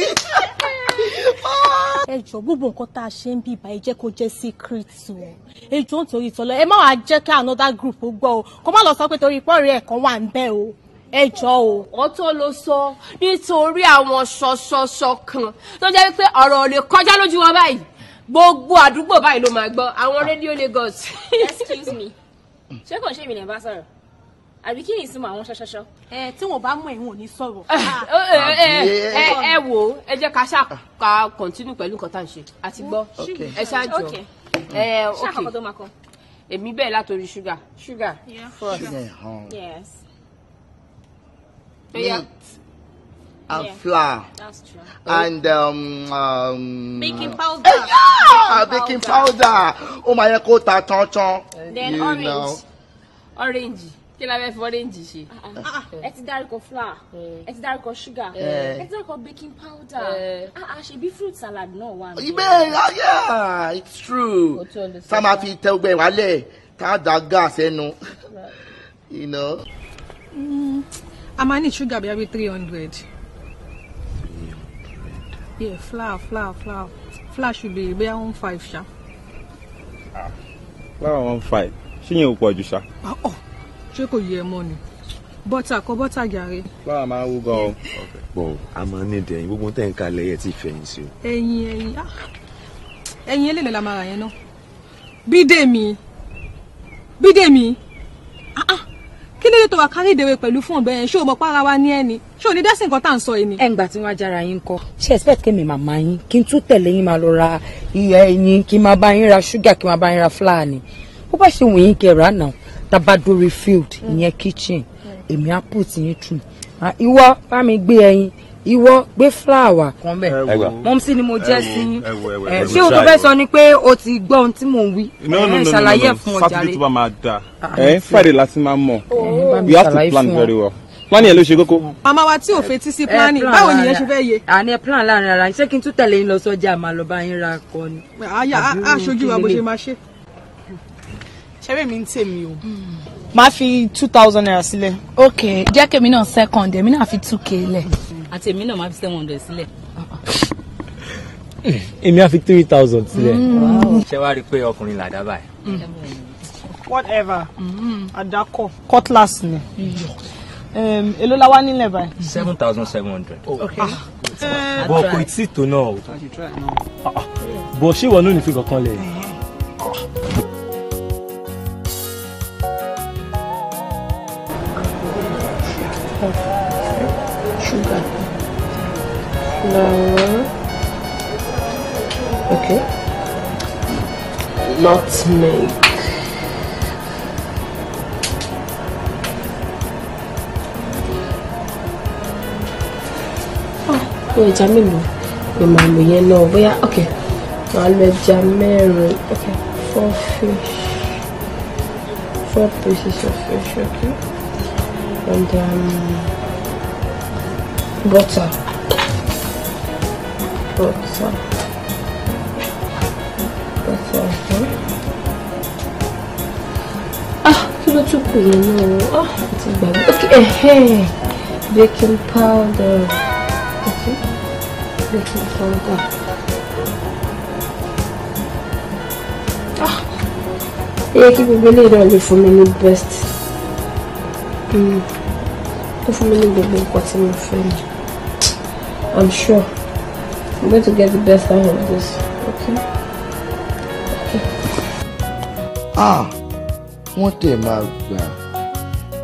G: ẹ jọ gbogbo nǹkan tá a ṣe ń bí ìbá ìjẹ́ kó jẹ́ secret o ẹ jọ ń torí
D: tọ́lọ ẹ má wàá jẹ́ kí another group ó gbọ́ o kó má lọ sọ pé torí pọ́ọ̀rẹ́ ẹ̀kan wà ń bẹ̀ o ẹ jọ o. ọ̀tọ̀ ló sọ nítorí àwọn ṣọṣọṣọ kan tó jẹ́ pé ọ̀rọ̀ lè kọjá lójú wọn báyìí gbogbo àdúgbò báyìí ló máa gbọ́ àwọn rédíò Lagos. excuse me ṣé kò ń ṣe mi lè bá sọ̀rọ̀ àbí kí ni ìsinmi àwọn ṣọṣọṣọ. ẹ tí wọn bá mú ẹ wọn ò ní sọ̀rọ̀. Ah, ah. Eh, eh, eh, ẹ wò ó ẹ jẹ́ ká ṣàkà ah. kọ̀ntínú pẹ̀lú nǹkan tá à ń ṣe àti gbọ́ ẹ ṣáàjọ ẹ ok mm. èmi bẹ́ẹ̀ látòrí ṣúgà ṣúgà first yes
G: and yeah, flour. That's true. And um, um, baking eh, powder. Uh, yeah, baking powder. powder. Oh my god, that tonton. Then you orange. Know.
D: Orange. Kí la fẹ́ fi orange ṣe? Uh-uh. Ah, ah, ẹ ti dárúkọ flour, eh. ẹ ti dárúkọ sugar, eh. ẹ ti dárúkọ baking powder, ah, ṣebí fruit salad náà wà. Ibẹ̀
G: ayé it's true. Tá a máa fi tẹ ọgbẹ́ wálẹ̀, tá a da gas ẹnu. You know. Mm,
D: a máa ní sugar bí i three hundred. Yeah, flour flour flour flour should be bóyá one five ṣá. Ah,
B: flour one
J: five ṣé yẹn ò pọ̀ jù ṣá.
D: Ah, oh, ṣé kò yẹ ẹ mọ́ ni bọ́tà kọ bọ́tà gàrí.
B: flour máa wú gan o. bọ̀ a máa ní ìdẹ̀yìn gbogbo tẹ̀ ń kalẹ̀ yẹ ti Eh, sí o.
D: ẹyin ẹyin ah. ẹyin eléyìí la máa rà yẹn náà Bídèmí Bídèmí kí ló dé tó wà kárí ìdèrè pẹ̀lú fún ọ̀bẹ yẹn ṣé o mọ̀ pàrọ̀ wa ní ẹni ṣé o ní dẹ́sìn nǹkan tá à ń sọ yìí ni. ẹ ń gbà tí wọ́n á jára yín kọ́. ṣé expect kẹ́mi màmá yín kí n tún tẹ̀lé yín máa lọ ra ìyá ẹyin kí n máa bá yín ra ṣúgà kí n máa bá yín ra fúláà ni bó bá ṣe wù yín kẹ rà náà tabadori field mm. ìyẹn kitchen mm. èmi á put yín tù ìwọ bá mi gbé ẹyin ìwọ gbé fúláwà kan bẹ́ẹ̀ mọ́mísí ni mo jẹ́ sí ṣé o tó fẹ́ sọ ni pé o ti gbọ́ ohun tí mò ń wí ẹ̀ ṣàlàyé fún ọjà rẹ. sátidé tó bá
J: máa da ẹ̀ fàdé láti máa mọ̀
D: we have to plan very
J: well planning yẹn ló ṣe kókó.
D: màmá wa tí ò eh, fetí sí eh, planning báwo nìyẹn ṣe fẹ́ yé. àní ẹ plan láàrin ara ṣé kí n tún tẹ̀lé yín lọ sọ́jà máa lọ bá yín ra akọ ni. àyà aṣojú wa bó ṣe máa ṣe. ṣẹ́rẹ́ mi ń tèmi o. Hmm. máa fi two thousand naira sílẹ̀. ok jẹ́ kèmi náà second èmi náà fi two k lẹ̀. àti èmi náà máa fi seven hundred sílẹ̀.
I: (laughs) èmi á fi three thousand sílẹ̀. Hmm. ṣé wàá rí i pé ọkùnrin làdá báyìí.
D: Hmm.
F: whatever adakọ cutlass ni. Mm. Um, èló la
D: wá nílẹ̀ báyìí.
I: seven thousand seven hundred.
D: Ah,
F: uh, bọ̀ kò
I: tí ì tó náà
D: o
I: bọ̀ ṣé ìwọ náà ní fi kankan lẹ̀.
F: ṣúgà
D: flour ní ẹja mélòó ni màá lò yẹn náà bóyá ok màá lò ẹja mẹ́rin ok four fish four pieces of fish ok and um, butter butter butter okay. ah kí ló tún kù yẹn náà ah àti gbàgbé ok baking powder sílẹ̀ kí n sọ̀rọ̀ dà. ó yẹ kí gbogbo eléyìí náà lè fún mi best hmm. ó fún mi ní gbogbo nǹkan tí mo fẹ́ ni I'm sure I'm going to get the best out of this okay. okay.
G: ah wọ́n tẹ̀ máa gbà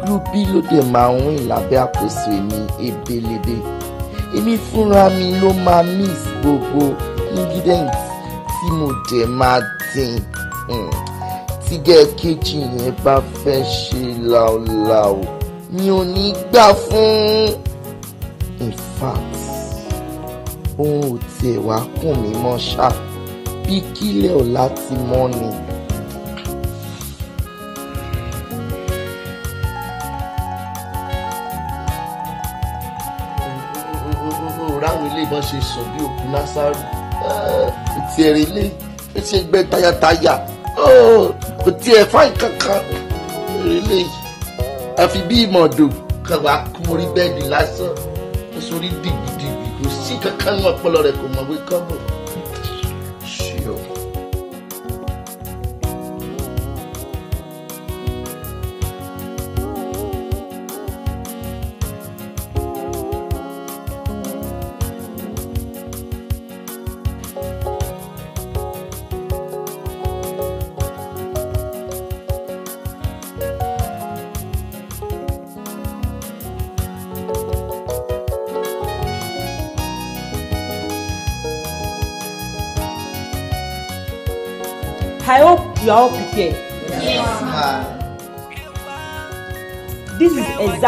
G: rúbí ló dẹ̀ máa ń rìn lábẹ́ àkóso èmi ebelebe èmi fúnra mi ló máa mix gbogbo ingredients tí mo dẹ̀ máa dín hmm. tí gẹ́ẹ́kejì yẹn bá fẹ́ ṣe láòláò mi ò ní gbà fún in fact ohun ò tiẹ̀ wá kùn mí mọ́ ṣáà bí kílẹ̀ ọ̀ láti mọ́ ni. bọ́n ṣe sọ bí òkú Lásárù ti ẹ̀rín ilé ó ṣe gbẹ tayataya kò tiẹ̀ fáìn kankan ẹ̀rín ilé àfi bí ìmọ̀dò kan wàá kú orí bẹ́ẹ̀dì lásán ó sorí dìgbìdìgbì kò sí kankan ní ọpọlọ rẹ̀ kò mọ̀ wí kọ́ bọ̀.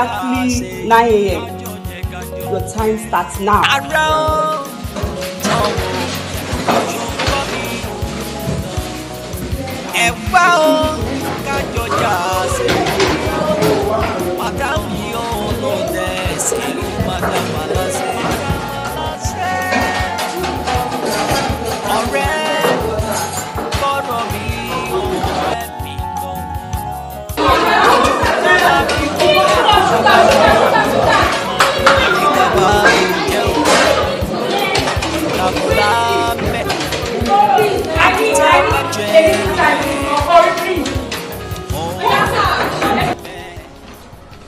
D: exactly 9 a.m. Your time starts now.
A: ẹ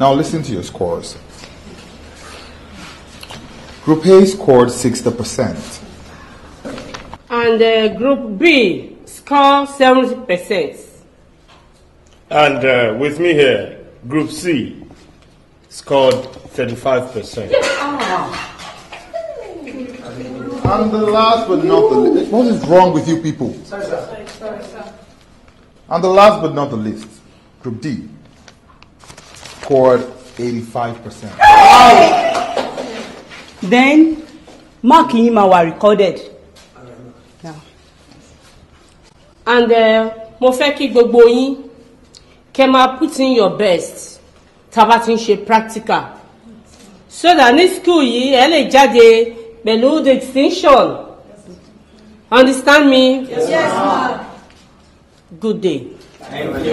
C: Now listen to your scores. Group A scored 60%.
D: And uh, Group B scored 70%.
I: And uh, with me here, Group C scored 35%.
C: And the last but not the least, what is wrong with you people? Sorry, sir. Sorry, sir. And the last but not the least, Group D scored 85%.
D: Then Mark Yima were recorded. And uh, Mofeki fẹ́ kí up put in your best. tá ti ń ṣe practical so that ní school yìí ẹ e lè jáde pẹ̀lú distinction understand me.
E: yes ma.
D: good day. Thank you. Thank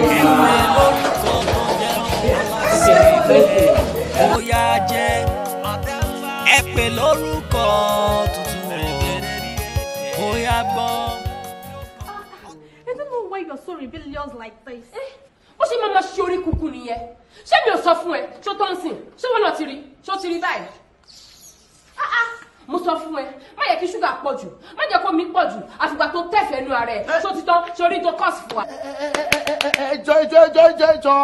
A: you ẹ pè lórúkọ bóyá gbọ́. I don't know why you're so rebellious like this.
D: bó eh, ṣe máa ma ṣe orí kúkú nìyẹn ṣé mi ò sọ fún ẹ ṣó tó ń sìn ṣé wọn náà ti rí ṣó ti rí báyìí ah, ah, mo sọ fún ẹ má yẹ kí ṣúgà pọ̀ jù má jẹ́ kó mi pọ̀ jù àfìgbà tó tẹ̀fẹ̀ nu ara ẹ̀ tó eh. ti tán sórí tó kọ́ọ̀sì fún wa.
G: ẹjọ ẹjọ ẹjọ ẹjọ ẹjọ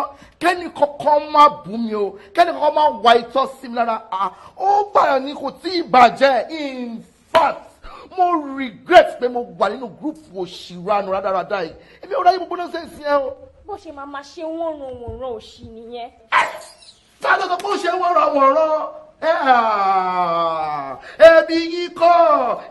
G: kẹ́ni kankan má bù mí o kẹ́ni kankan má wà ìtọ́ sí mi lára ah, ó bàyàn ni kò tí ì bàjẹ́ in fact mo regret pé mo wà nínú gúrùpù òṣìrànù rádaràda yìí èmi ò ráyè gbogbo náà ṣe é sí ẹ o bó
D: ṣe máa máa ṣe wọ́n ran wọ̀nran òṣì nìyẹn.
G: ta ló sọ pé ó ṣe wọ́n ran wọ̀nran ẹbí yín kọ́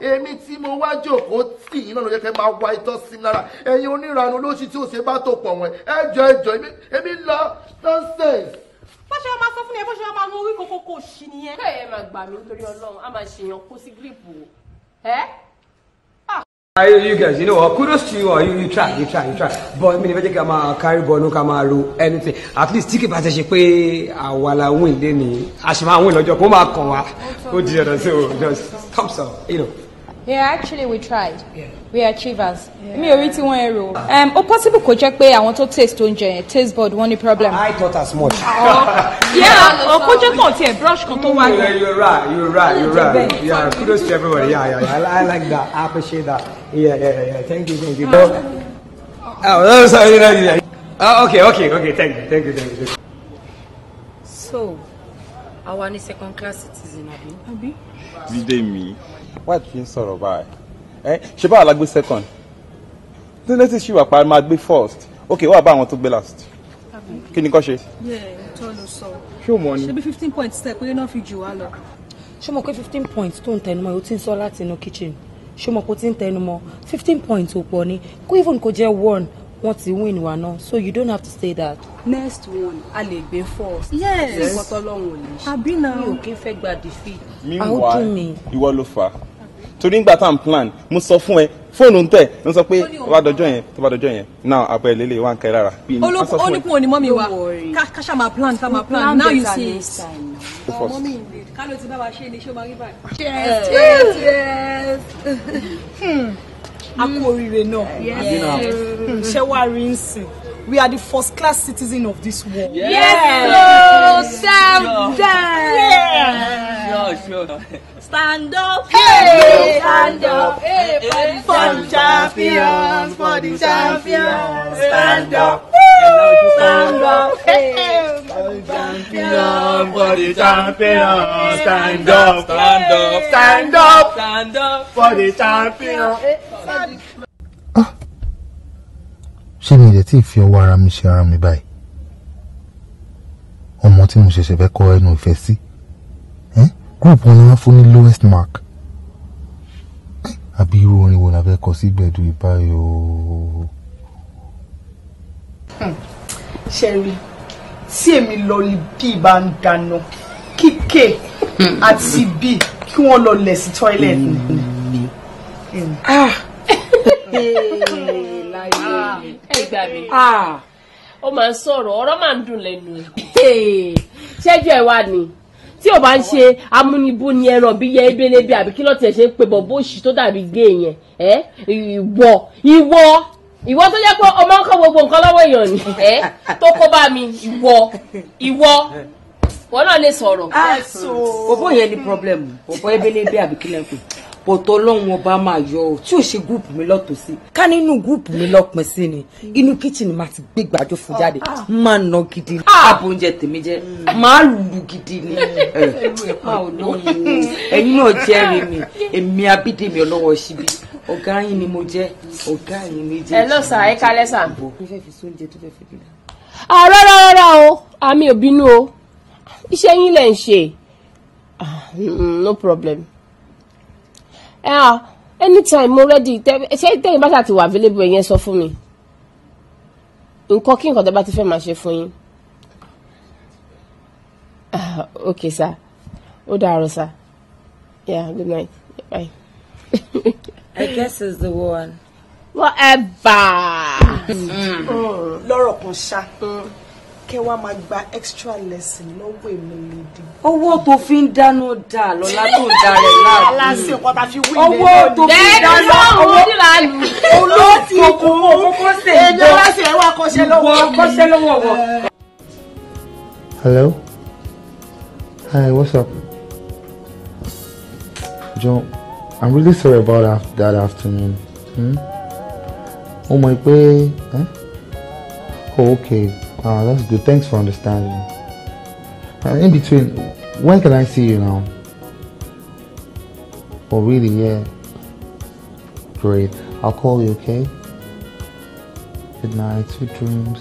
G: èmi tí mo wá jókòó tì yín náà ló máa wá itọ́ sí lára ẹ̀yin oníranu lóṣì tí òṣè bá tó pọ̀ wọ̀n ẹ jọ ẹ jọ èmi lọ nonsense bó ṣe máa sọ fún yẹn bó ṣe máa mú orí kókó
D: kò sí nìyẹn. bẹ́ẹ̀ ẹ máa gbà mí nítorí ọlọ́run a máa ṣèyàn kó sí gírípù o.
H: I, you guys, you know Kudos to you. All. You, you try, you try, you try. But mi ni fẹ́ jẹ́ kí a máa carry ball no, ká máa anything. At least tí kì bá ti ṣe I will la win Then, I should àwọn ìlọ́jọ́ kó máa kàn wá.
D: Ó di ọ̀dọ̀ so
H: just thumbs up, you know.
D: Yeah, actually we tried. Yeah we are achievers mi ò rí tí wọ́n ẹ rò ó possible kò jẹ́ pé àwọn tó taste oúnjẹ yẹn taste board wọ́n ní problem. I thought as much. (laughs) Oh.
H: yeah
D: ọkọjọ kan tiẹ̀ brush
H: kan tó wá. you are right you are right you are right yeah kudos to everybody yeah yeah, yeah. I, I like that I appreciate that yeah yeah yeah thank you thank you. Ah. Oh, sorry, no, yeah. oh, okay okay okay thank you thank you thank you.
D: so àwa ni second class citizen àbí. àbí.
J: dídé mi. wá ti ń sọ̀rọ̀ báyìí. Eh, ṣe báwa la gbé second tí latest ṣì wà pa máa gbé first ok wà bá àwọn tó gbé last kí ni kò ṣe. ṣé o mọ ni. ṣe
D: bí fifteen points tẹ pé náà fi jù wá lọ. ṣé o pé fifteen points tó ń tẹnumọ́ yìí ó ti ń sọ láti inú kitchen ṣé o mọ̀ pé ó ti ń tẹnumọ́ fifteen points ò pọ̀ ni kó even kó jẹ́ one wọ́n ti win wa náà so you don't have to say that. next one a lè gbé first. yes ìwọ́tọ́ lọ́hùn ò lè ṣe. àbí náà mi ò kí ń fẹ́ gba defeat. meanwhile
J: ìwọ ló fà á torí ngbà tá à ń plan mo sọ fún ẹ fóònù ń tẹ ń sọ pé tó bá dọjọ́ yẹn tó bá dọjọ́ yẹn now abọ ẹ lélẹ wà ń kẹ lára. olùkún
D: òní mọ́mí wa ká ṣá máa plan ká máa plan now you see it.
H: mọ́mí indeed ká ló ti bá wa ṣe ni ṣé o máa rí báyìí. cheers cheers cheers.
F: Hmm. a kú náà hmm. ṣé wàá rí ń sìn. We are the first class citizen of this world. Yes, yes. Yes. yes. Yes. Yes. Yes.
A: Yes. Yes. Yes Stand up, hey, stand up, hey, hey, for the champions, for the champions. Stand up, stand up, hey, for the champions,
G: for the champions. Stand up, stand up,
A: stand up, stand up for the champions.
G: Ah.
C: Ṣé mi ìdẹ̀ tí ì fi ọwọ́ ara mi ṣe ara mi báyìí? Ọmọ tí mo ṣẹ̀ṣẹ̀ fẹ́ kọ́ ẹnu ìfẹ́ sí group wọn ni wọ́n fún ní lowest mark àbí irú orin wo la fẹ́ kọ sí gbẹ̀dú ìbáyọ̀
F: ṣẹ́rí tí èmi lọ bí bá ń dáná kíkè àti bí kí wọ́n lọ lẹ̀ sí toilet ni.
D: ẹ gbà mí ó máa ń sọ̀rọ̀ ọ̀rọ̀ máa ń dùn lẹ́nu ẹ̀. ṣẹ́jú ẹ̀ wá ni tí o bá ń ṣe amúnibú ni ẹran bí yẹ ebelebe àbí kí lọ́ọ̀tì ẹ̀ ṣe ń pe bọ̀ bóṣì tó dàbí gé yẹn ẹ ìwọ ìwọ ìwọ tó jẹ́ pé ọmọ ń kọ́ gbogbo nǹkan lọ́wọ́ èèyàn ni ẹ tó kó bá mi ìwọ ìwọ wọn náà lè sọ̀rọ̀. Ah, bòbó yẹn ni problem bòbó ebelebe àbí kí lẹ́kùn bọ̀tọ̀ ọlọ́run ọba máa yọ ọ tí ò ṣe gúùpù mi lọ́tọ̀ sí ká nínú gúùpù mi lọ́pin sí ni inú kíchìnì máa ti gbé gbàjọ fún jáde ah, ah. máa nà gidi. ààbò ah. oúnjẹ tèmi jẹ máa lù gidi ni (laughs) eh. (laughs) ẹ̀yin náà jẹ́rìí mi èmi abídèmí ọlọ́wọ́ síbi
H: ọ̀gá yín ni mo jẹ́ ọ̀gá yín mi jẹ́. ẹ lọ sà ẹ kalẹ̀ sà.
D: rárá rárá o àmì òbínú o iṣẹ́ yín lẹ̀ ń ṣe mm, no problem anytime mo ready ṣé tẹ́yìn bá ṣàti wà available ẹ̀yẹn sọ fún mi nǹkan kí nǹkan tó bá ti fẹ́ máa ṣe fún yín ah, ok sir ó dàárọ̀ sir yeah good night bye. (laughs) I guess it's the one. whatever. Mm. Mm. lọ́rọ̀ kan
F: ṣá. Mm kẹ́ máa gba extra lesson lọ́wọ́ èmi lèdè.
D: owó tó fi ń dáná dà lọ́la tó ń darẹ̀ láàbù. aláṣẹ ọkọ ta fi wí lẹ́nu. owó tó fi ń dáná owó olóòtú kòkó kókó sè é jọ aláṣẹ wa kọ́ṣẹ́ lọ́wọ́
I: kọ́ṣẹ́
E: lọ́wọ́ wọ.
C: hello hi what's up john i'm really sorry about that afternoon. Hmm? ó mọ̀ pé ẹ́ eh? oh, okay. Ah, that's good. Thanks for understanding. Uh, in between, when can I see you now? Oh, really? Yeah. Great. I'll call you, okay? Good night. Sweet dreams.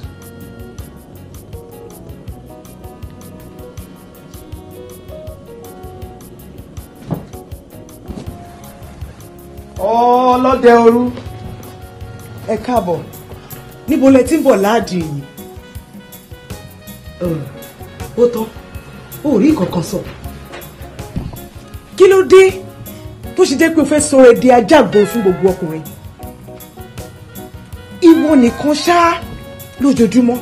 F: ọlọ́dẹ oh, òru ẹ káàbọ̀ níbo lẹ bọ̀ ó tán ó rí kankan sọ kí ló dé tó ṣe jẹ́ pé o fẹ́ sọ èdè ajágbó fún gbogbo ọkùnrin ìwọ nìkan ṣáá lójoojúmọ́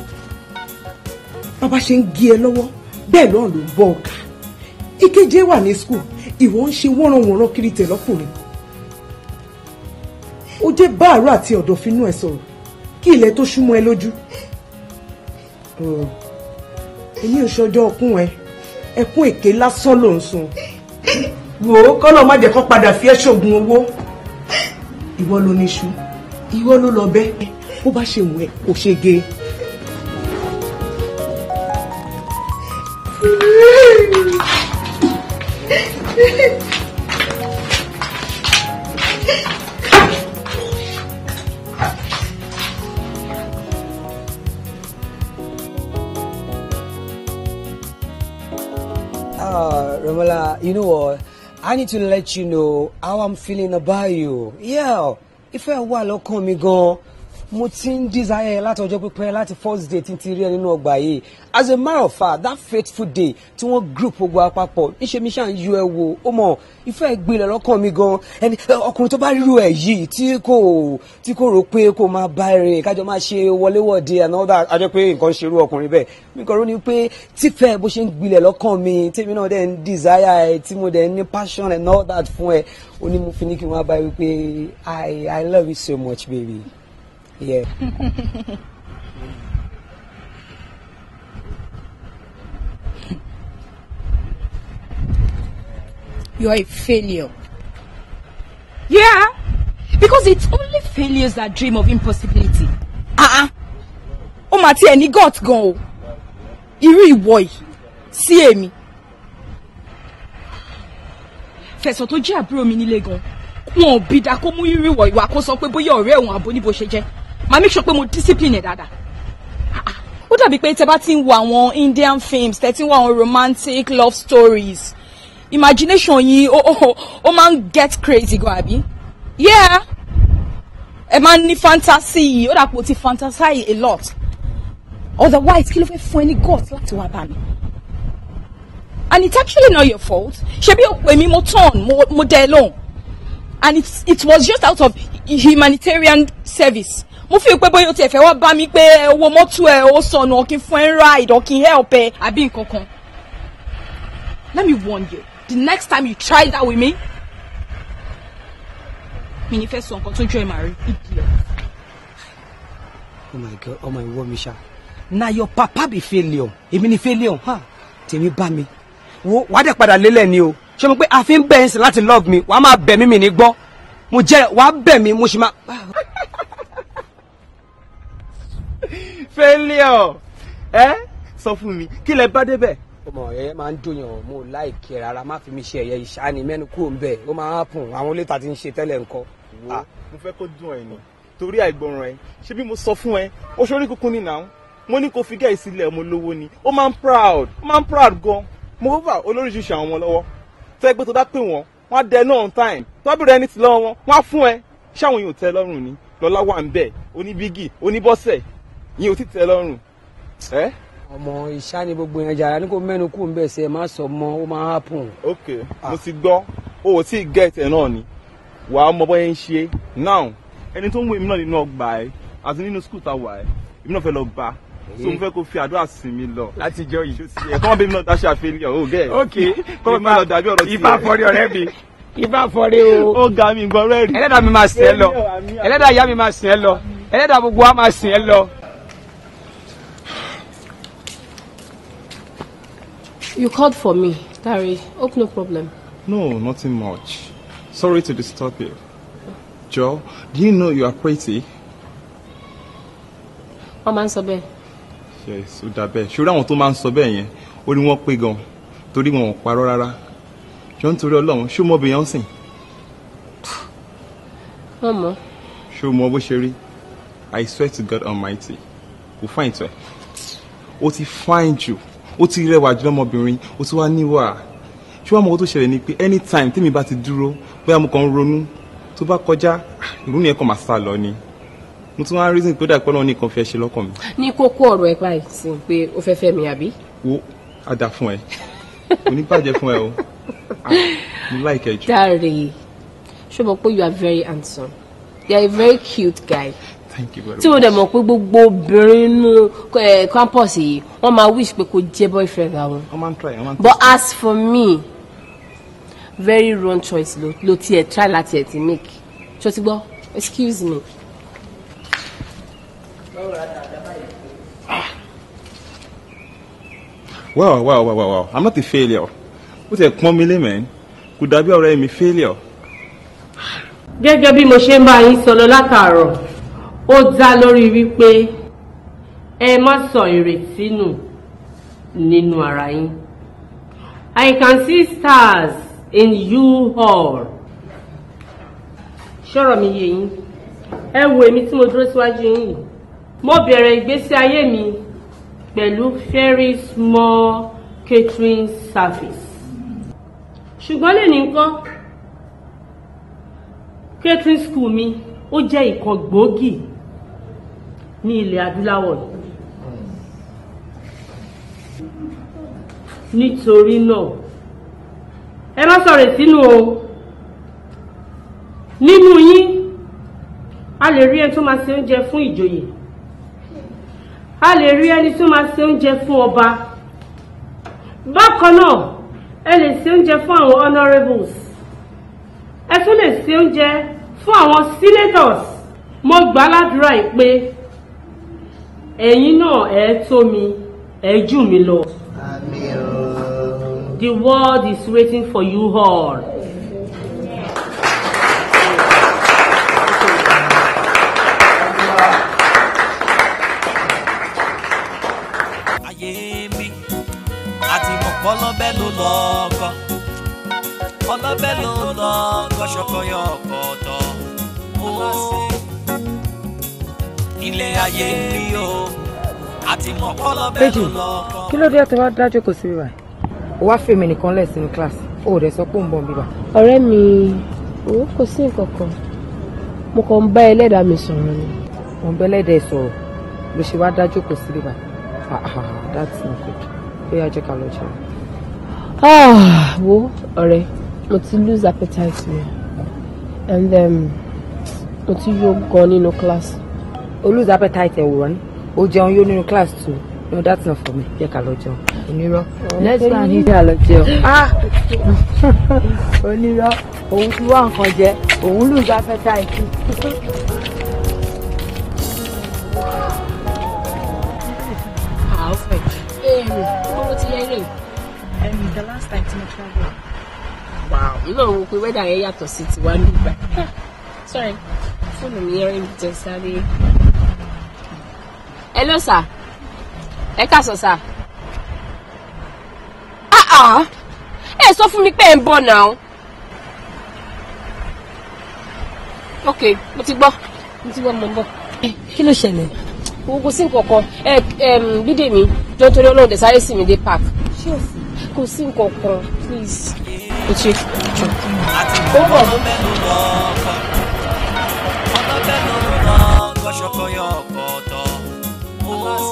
F: bàbá ṣe ń gé ẹ lọ́wọ́ bẹ́ẹ̀ lọ́rùn ló ń bọ́ ọ̀gá ìkeje wà ní skul ìwọ ń ṣe wọ́nranwọ̀nran kiri tẹ̀ lọ́kùnrin ó jẹ́ báàrọ̀ àti ọ̀dọ̀fínú ẹ̀ sọ̀rọ̀ kí ilẹ̀ tó súnmọ́ ẹ lójú. Uh èmi ò ṣọjọ́ ọkùn ẹ ẹkún èké lásán ló ń sun wò ó kọ́nà má jẹ́ kó padà fi ẹ́ ṣoògùn owó ìwọ ló níṣu ìwọ ló lọ bẹ́ bó bá ṣe wù ẹ́ kò ṣe ge.
H: you know what? I need to let you know how I'm feeling about you. Yeah, if I were to come me go. mo ti ń desire láti ọjọ́ pípẹ́ láti first day tí n ti rí ẹ nínú ọgbà yìí as a matter of fact that faithful day tí wọ́n group gbogbo apapọ̀ níṣẹ́ mi ṣáà ń yọ ẹ wo ó mọ̀ ìfẹ́ ìgbìlẹ̀ lọ́kàn mi gan ẹni ọkùnrin tó bá rírú ẹ̀ yìí tí kò tí kò rò pé kò máa bá rìn kájọ máa ṣe wọléwọ̀de àná àjọ pé nǹkan ń ṣerú ọkùnrin bẹ́ẹ̀ mi kàn rò ní pé tífẹ́ bó ṣe ń gbilẹ̀ lọ́kàn mi tèmi náà dẹ̀ ń desire ẹ tí mo dẹ̀ ń ní passion and all that fún ẹ ó ní kí wọ́n á bá wí pé I I love you so much baby. Yeah. (laughs)
D: you are a failure. Yeah, because it's only failures that dream of impossibility. Ah, uh ó oh, mà tiẹ̀ ní gut gan o. Irú ìwọ yìí sí èmi. Fẹ̀sọ̀ tó jẹ́ àbúrò mi nílé gan. Wọn ò bí dákó mú irú ìwọ ìwà kó sọ pé bóyá ọ̀rẹ́ òun àbóníbo ṣe jẹ́ màá make sure pé mo discipline ẹ̀ dáadáa ó dàbí pé tẹ bá ti ń wo àwọn Indian films tẹ ti ń wo àwọn romantic love stories imagination yín ó ó ó máa ń get crazy gan àbí yeah ẹ máa ń fantasy yìí ó dàpọ̀ ti fantasize a lot otherwise kí ló fẹ́ fún ẹ ní gut láti wá bá mi and it's actually not your fault ṣebí o pè mí mo turn mo mo dẹ lóhùn and it it was just out of humanitarian service mo fi pé bóyá o tiẹ̀ fẹ́ wá bá mi pé eh, owó mọ́tò ẹ̀ ó sọnù ọ̀kìn fún ẹ̀ ń ra help ẹ̀ àbí nǹkan kan let me warn you the next time you try that with me mi ni fẹ́ sọ nǹkan tó jọ ẹ̀ màrí idiot.
H: oh my god ọmọ ìwọ mi ṣá na your papa be failure èmi ni failure ha tèmi bá mi wo wàá dẹ̀ padà lélẹ̀ ni o ṣé mo pé a fi ń bẹ̀ ẹ́ sìn láti love mi wàá máa bẹ̀ mí mi ní gbọ́ mo jẹ́ wàá bẹ̀ mí mo ṣì máa failure ẹ sọ fún mi kí lẹ bá débẹ̀. ọmọ ẹ máa ń dùnyàn ọ mo láìkí rárá má fi mi ṣe ẹyẹ ìṣáni mẹ́nu kúrò ń bẹ̀ ó máa ń pùn àwọn létà tí ń ṣe tẹ́lẹ̀ ńkọ́. mo fẹ́ kó dùn ẹ̀ ni torí àìgbọràn ẹ ṣé bí mo sọ fún ẹ ó ṣorí kúkú ní nàá mo ní
J: kó fi gẹ́ ìsílẹ̀ ọmọ olówó ni ó máa ń proud ó máa ń proud gan mo bá olóríṣiríṣi àwọn ọmọ lọ́wọ́ tó ẹ pé tó bá pè wọ́n wọ́n á dẹ náà on time tó bá bèrè ẹni tí lọ́wọ́ wọn wọ́n á fún ẹ ṣáwọn yóò tẹ́ lọ́rùn ni lọ́lá wà ń bẹ̀ oníbígì oníbọ́sẹ̀ yín ò ti tẹ́ lọ́rùn
H: ẹ́. ọmọ ìṣá ni gbogbo yẹn jàrá ní kò mẹ́nu kù ń bẹ̀ ṣe ẹ má sọ mọ́ ó máa hápùn. ok
J: ah. mo ti gbọ́ o ò tí ì gẹ̀ẹ́tì ẹ̀ náà ni wàá mọ bọ́ ṣe now ẹni tó ń wo èmi náà nínú ọgbà ẹ àti nínú skul tá a wà ẹ èmi náà fẹ́ lọ bá so mo fẹ́ kó fi àdúrà sí lọ. láti jọ yìí. ẹ̀kọ́ wọn bí mi náà dáṣẹ́ àfẹ́lẹ́ ọ̀ gẹ́ẹ̀. ok kọ́ mi
H: lọ dàbí ọ̀rọ̀ tiẹ̀. ibà fọ́rí ọ̀rẹ́ mi
I: ibà fọ́rí o. (laughs) ó ga mi gbọ́ rẹ́ẹ̀rì. ẹlẹ́dàá mi máa sìn ẹ́ lọ
H: ẹlẹ́dàá ìyá mi máa sìn ẹ́ lọ ẹlẹ́dàá gbogbo wa máa sìn ẹ́ lọ.
D: You called for me, Dari. Hope no problem.
J: No, nothing much. Sorry to disturb you. Joe, do you know you are pretty? Wọ́n máa sọ bẹ́ẹ̀. Yes, ó dà bẹ́ẹ̀. Ṣé o rí àwọn tó máa ń sọ bẹ́ẹ̀ yẹn? Ó ní wọ́n pé gan-an torí wọn ò parọ́ rárá. Jọ nítorí Ọlọ́run, ṣé o mọ bèèyàn sìn? Wọ́n mọ̀. Ṣé o mọ bó ṣe rí? I swear to God Almighty, kò fáìn tó ẹ̀. O ti fáìn jù ó ti rẹwà jùlọ ọmọbìnrin ó ti wá níwà ṣé wàá mọ owó tó ṣẹlẹ̀ ni pé anytime tèmi bá ti dúró bóyá mo kàn ń ronú tó bá kọjá ìrònú yẹn kàn máa sá lọ ni mo tún wá reason pé ó dà pé ọlọ́run nìkan fẹ́ ṣe lọ́kàn mi.
D: ní kókó ọ̀rọ̀ ẹ̀ báyìí sí pé ó fẹ́ fẹ́ mi àbí.
J: wo a fún ẹ oníbàjẹ́ fún ẹ o mo like ẹ jù.
D: dáre ṣùgbọ́n pé you are very handsome you are a very cute guy tí mo dẹ̀ mọ̀ pé gbogbo obìnrin nínú campus yìí wọ́n máa wish pé kò jẹ́ boyfriend àwọn. but as for me very wrong choice ló ló tiẹ̀ try láti ẹ̀ ti make ṣó ti gbọ́
G: excuse me.
J: wow wow wow wow i'm not a failure ó ti ẹ̀ pọ́n
D: mi lé mẹ́rin kò dàbí
J: ọ̀rẹ́ mi failure.
D: gẹ́gẹ́ bí mo ṣe ń bá yín sọ lọ látàárọ̀ ó dá lórí wípé ẹ má sọ ìrètí nù nínú ara yín. I can see stars in you all. ṣọ́rọ̀ mi yé yín ẹ wo èmi tí mo dúró síwájú yín yìí mo bẹ̀rẹ̀ ìgbésí ayé mi pẹ̀lú very small catering service ṣùgbọ́n lè ní nǹkan catering school mi ó jẹ́ ìkan gbòógì ní ilẹ̀ adúláwọ̀ yìí nítorí náà ẹ má sọ̀rọ̀ sínú o nínú yín a lè rí ẹni tó máa ṣe oúnjẹ fún ìjòyè a lè rí ẹni tó máa ṣe oúnjẹ fún ọba bákan náà ẹ lè ṣe oúnjẹ fún àwọn honourables ẹ tún lè ṣe oúnjẹ fún àwọn senators mo gbà ládùúrà yìí pé ẹ̀yin náà ẹ tó mi ẹ jù mí lọ. The world is waiting for you all.
A: ayé mi àti mọ̀pọ̀ lọ́bẹ̀ ló lọ́kọ̀ ọlọ́bẹ̀ ló lọ́kọ̀ ṣọkọ yọ ọ̀pọ̀ ọ̀tọ̀ ilé ayé rí o àti mọ̀kọ́lọ́ bẹ́ẹ̀ ló lọ.
D: kí ló dé tó wá dájú kò sí bíbá ò wá fèmí nìkan lẹ̀ sínú kíláàsì ó rẹ̀ sọ pé ó ń bọ̀ bíbá. ọ̀rẹ́ mi ò kò sí nǹkan kan mo kàn ń bá ẹlẹ́dàá mi sọ̀rọ̀ ni. mo ń bá ẹlẹ́dàá sọ̀rọ̀ ló ṣe wá dájú kò sí bíbá ah, ah, ah, that's not good ó yá jẹ́ ká lọ jẹun. wo ọ̀rẹ́ mo ti lose appetite mi and um, mo ti yó gan nínú kíláàsì o lose appetite ẹ̀ wòrán o jẹun yóò nínú class two no that's not for me jẹ́ ká lọ jẹun onírọ́
E: next time ní ìjà lọ jẹun ah
D: (laughs) onírọ́ òun ti wá nǹkan jẹ òun lose appetite. Ah, èrè owó ti yẹrè. ẹni the last time tí travel. wow náà wo pé wẹ́dà yẹn yàtọ̀ sí tiwa nígbà. (laughs) sorry I'm hearing just rẹ̀ hello sir ẹ káàsán sir ah ah ẹ sọ fún mi pé ẹ ń bọ̀ náà ok mo ti gbọ́ mo ti gbọ́ mo ń bọ̀. kí ló ṣẹlẹ̀. kò sí nǹkan kan ẹ ẹ bídè mi jọ nítorí ọlọ́run dẹ̀ sáré sí mi dé park kò sí nǹkan kan please. o ṣe o bọ̀. ọ̀nà
A: bẹ́ẹ̀ ló lọ ọ̀nà bẹ́ẹ̀ ló lọ ọ̀ṣọ̀kọ̀yọ̀ wá sí.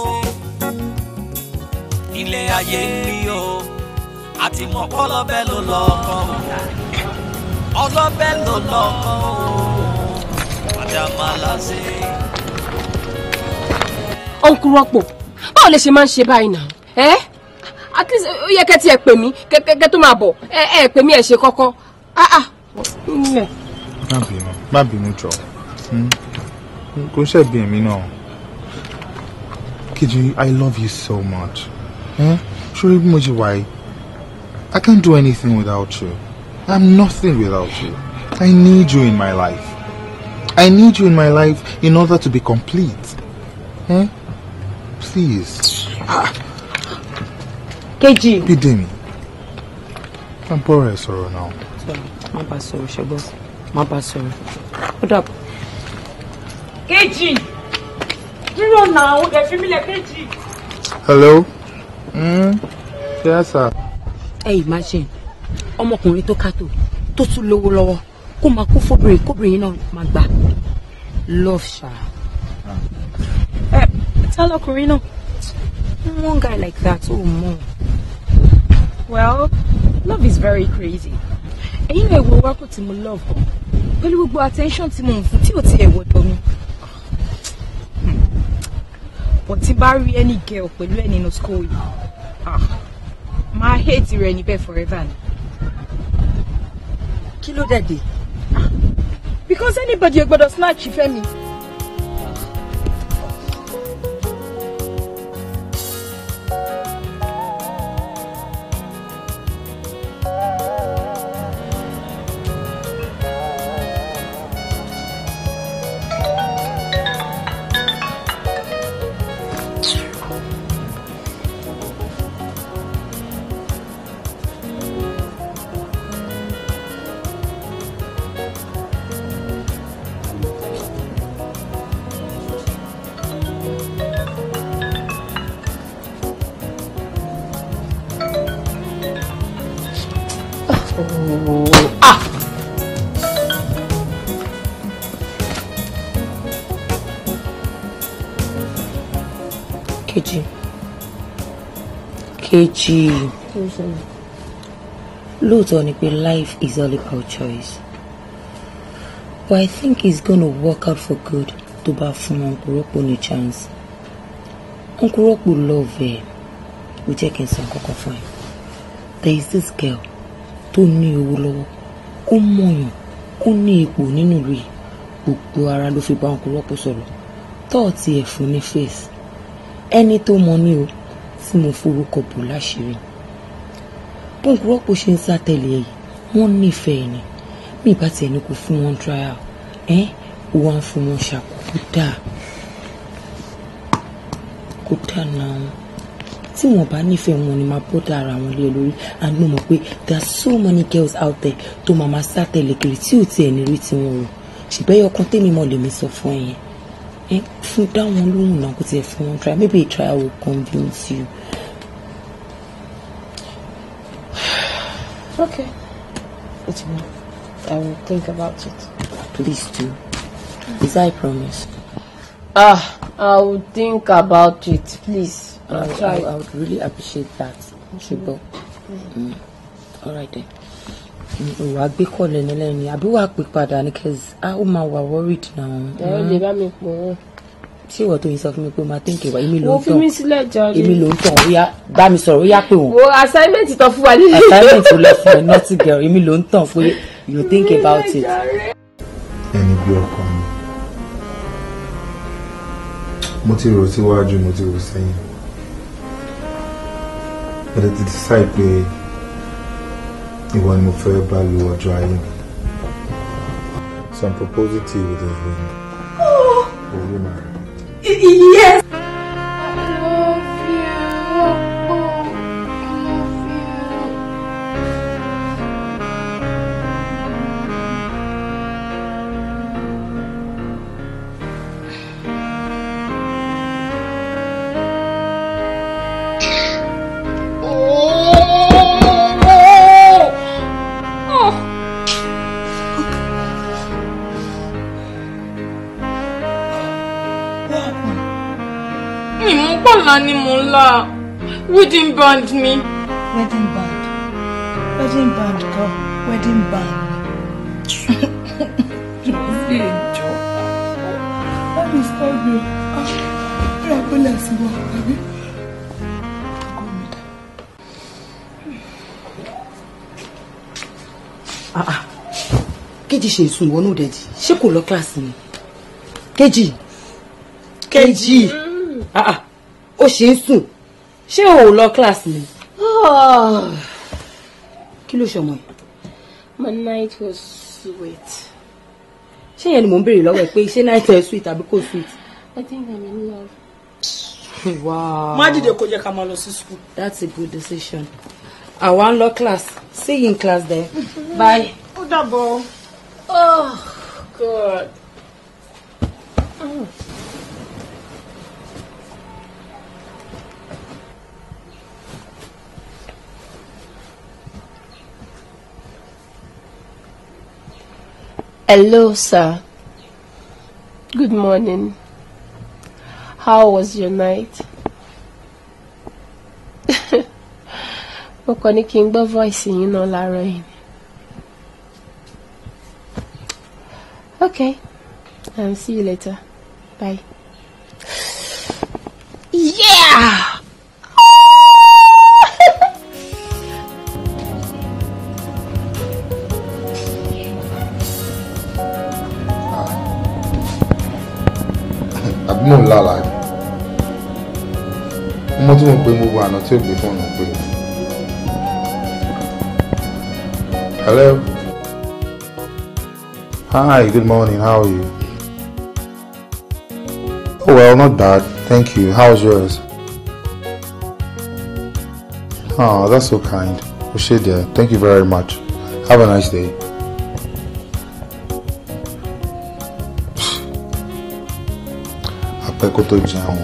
A: ilé ayé ni o àti mọ̀kọ́ lọ́bẹ̀ ló lọ o ọlọ́bẹ̀ ló lọ o padà máa là sí.
D: báwo lè ṣe máa ń ṣe báyìí náà ẹ́ at least ó yẹ kẹ́ tí ẹ pè mí kẹ́kẹ́ tó máa bọ̀ ẹ ẹ pè mí ẹ ṣe kọ́kọ́ ah ah nílẹ̀.
C: má bínú má bínú jọ hmm? kò ṣẹ̀bi èmi náà. Kiji, I love you so much. Eh? Shuri Mujiwai, I can't do anything without you. I'm nothing without you. I need you in my life. I need you in my life in order to be complete. Eh? Please. Kg. Keji. Bidemi. I'm poor sorrow now.
D: Sorry. My bad sorrow, Shabo. My bad sorrow. What up? Kg.
C: Hello? Mm. Yes, sir.
D: Ẹ imagine, ọmọkùnrin tó kátó, tó tún lówó lọ́wọ́, kó máa kó fóbìnrin, kóbìnrin náà máa gbà. Love ṣá. Ẹ tálọ́kùnrin náà, one guy like that ó mọ̀. Well, love is very crazy. Ẹ̀yin náà èwo wákò tí mo love kan, pẹ̀lú gbogbo attention tí mo ń fún tí ò tiẹ̀ wọ́dọ̀ mi but tí bá rí any girl pẹ̀lú ẹ̀ nínú school yìí ah máa hate rẹ̀ níbẹ̀ forever ni. kí ló dẹ̀ dé. Ah, because anybody ò snatch ìfẹ́ mi. kejì lóòótọ́ ni pé life is all about choice but I think it's gonna work out for good tó bá fún ọkùnrọ́pò ní chance ọkùnrọ́pò love ẹ̀ ó jẹ́ kí n san kọ́kọ́ fún ẹ there is this girl tó ní owó lọ́wọ́ ó mọ̀yàn ó ní ipò nínú ìlú yìí gbogbo ara ló fi bá ọkùnrọ́pò sọ̀rọ̀ tọ́ọ̀tì ẹ̀ ní face ẹni tó mọ ní o tí mo forúkọ bò láṣìírí bọ́ǹkù rọ́pò ṣe ń sátẹ̀lé ẹ̀ yìí wọ́n nífẹ̀ẹ́ ni mi ìbá tiẹ̀ ní kò fún wọn trial ẹ́ wọ́n á fún wọn ṣàkókò dáa kò dáa náà tí wọn bá nífẹ̀ẹ́ wọn ni máa bọ́dà ara wọn lé lórí and mo pé there are so many girls out there tó máa máa sátẹ̀lé kiri tí ò tiẹ̀ ní rí tiwọn o ṣùgbọ́n ẹyọ kan tèmi mọ̀ lèmi sọ fún ẹ yẹn eh, fún dá wọn lóhùn náà kò tiẹ̀ try maybe a trial will convince you. okay it's enough I will think about it. please do is I promise. ah I will think about it please. I, I, I would really appreciate that. Mm-hmm. ṣùgbọ́n mm-hmm. mm. mm. all right then. wàá gbé kọ́lẹ̀ ní lẹ́ni àbí wàá pè padà ní kẹ́sì á ó máa wà worried now. ẹ̀rọ lè mm-hmm. bá mi pò ó. ṣé ìwọ tó yín sọ fún mi pé máa tẹ̀kẹ̀ wá èmi ló ń tàn wọ́n fi mí sílẹ̀ jọrí. èmi ló ń tàn ó bá mi sọ̀rọ̀ ó pé wọ́n. wo assignment tó fún wa nílé. assignment tó lọ (laughs) fún ẹ naughty girl èmi ló ń tàn pé you think about it.
C: ẹni gbé ọkọ mi mo ti rò síwájú mo ti rò sẹ́yìn mo ti decide pé ìwọ ni mo fẹ́ bá lu ọjọ́ ayé mi so I'm proposing to you with this ring.
E: Oh. Yes.
D: wedding band me.
F: wedding band wedding band go. wedding band ni. ṣe ìjọ wọ́n ti sọ mi ọ̀rọ̀ àpẹẹlẹ sí wọn àbí.
D: Ah, ah. kejì ṣe ìsun ìwọ náà dẹjì ṣé kò lọ kíláàsì ni kejì kejì ah, ó ṣe ń sùn ṣé o ò lọ class ni. Ah. kí ló ṣọmọ yìí. my night was sweet. ṣé yẹn ni mò ń béèrè lọ́wọ́ ẹ pé ṣé night was sweet àbí kò sweet. i think i'm in love. (laughs) wow. má dìde kó jẹ́ ká máa lọ sí school. that's a good decision. I ń lọ class see you in class there. (laughs) bye. ó dàbọ̀. oh god. Mm. Hello, sir. Good morning. How was your night? (laughs) Mo kàn ní kí n voice yín náà láàárọ̀ yìí. Okay, I'll see you later. Bye. Yeah!
C: mò ń lálàá ni mo tí mo pe gbogbo àná tí ò gbé fóònù pé hello hi good morning how are you oh well not bad thank you how's yours oh that's so kind appreciate that thank you very much have a nice day. такой тот же он,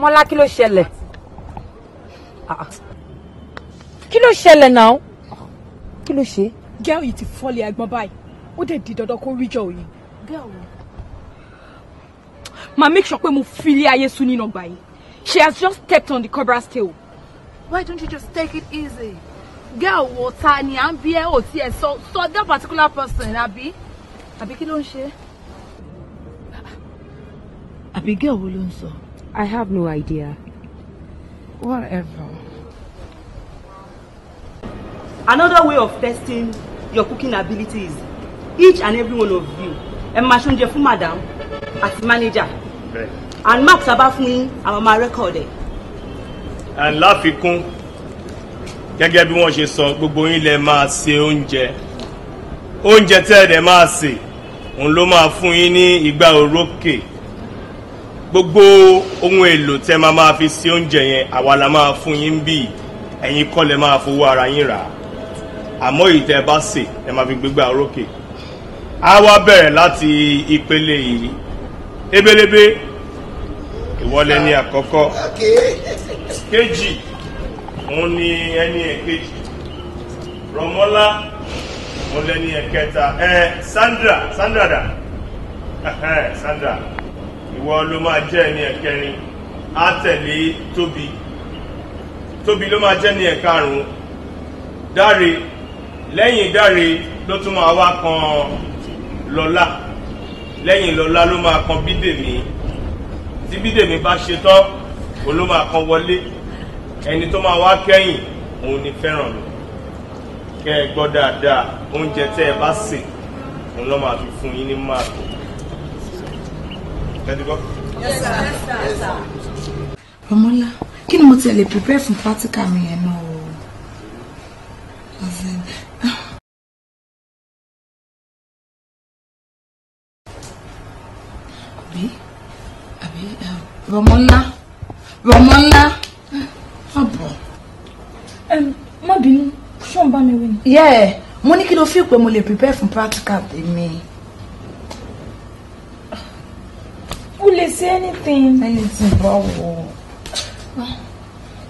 D: Mọ́lá kí ló ṣẹlẹ̀? Ah, ah. Kí ló ṣẹlẹ̀ náà? Kí ló ṣe? Gẹ́ọ̀ yìí ti fọ́lẹ̀ ẹ̀gbọ́n báyìí. Ó dẹ̀ di dandan kó ríjọ òye. Gẹ́ọ̀ wo? Màá make sure pé mo fi ilé ayé sùn nínú ọgbà yìí. She has just stepped on the cobra's tail. Why don't you just take it easy? Girl, wo ta ni à ń bí ẹ ò tí ẹ sọ sọ that particular person àbí? Àbí kí ló ń ṣe? Àbí gẹ́ọ̀ wo ló ń sọ? I have no idea. Whatever. Another way of testing your cooking abilities, each and every one of you ẹ máa madam as manager and Max sábà fún yín record
I: and láfikún gẹ́gẹ́ bí wọ́n ṣe sọ gbogbo yín lè máa ṣe oúnjẹ oúnjẹ tẹ́ ẹ̀ dẹ̀ máa ṣe òun ló máa fún yín ní ìgbà òrókè gbogbo ohun èlò tẹ máa máa fi ṣe oúnjẹ yẹn àwa la máa fún yín bí ẹ̀yin kọ́ lẹ máa fowó ara yín rà àmọ́ èyí tẹ bá sè ẹ máa fi gbégbá orókè á wá bẹ̀rẹ̀ láti ìpele yìí ebelebe ìwọlé ní àkọ́kọ́ kejì òun ni ẹni ẹ̀kejì rọmọlá òun lẹni ẹ̀kẹta ẹ Sandra Sandra dà (laughs) Sandra ìwọ ló máa jẹ́ ẹni ẹ̀kẹrin á tẹ̀lé tóbi tóbi ló máa jẹ́ ẹni ẹ̀karùn-ún dáre lẹ́yìn dáre ló tún máa wá kan lọ́lá lẹ́yìn lọ́lá ló máa kan bídèmí tí bídèmí bá ṣe tán òun ló máa kan wọlé ẹni tó máa wá kẹ́yìn òun ni fẹ́ràn lọ kẹ́ ẹ gbọ́ dáadáa oúnjẹ tẹ́ ẹ bá sè òun ló máa fi fún yín ní máàkì ẹ̀dìgbọ́.
D: Rọmọlá kí ni mo ti lè prepare fún practical mi yẹn náà o. (sighs) àbí àbí Rọmọlá Rọmọlá ọ̀bọ̀. má bínú ṣọ́n bá mi wí ni. yẹ́ẹ̀ mo ní kí ló fi pé mo lè prepare fún practical tèmi. o lè ṣe anything. anything báwo.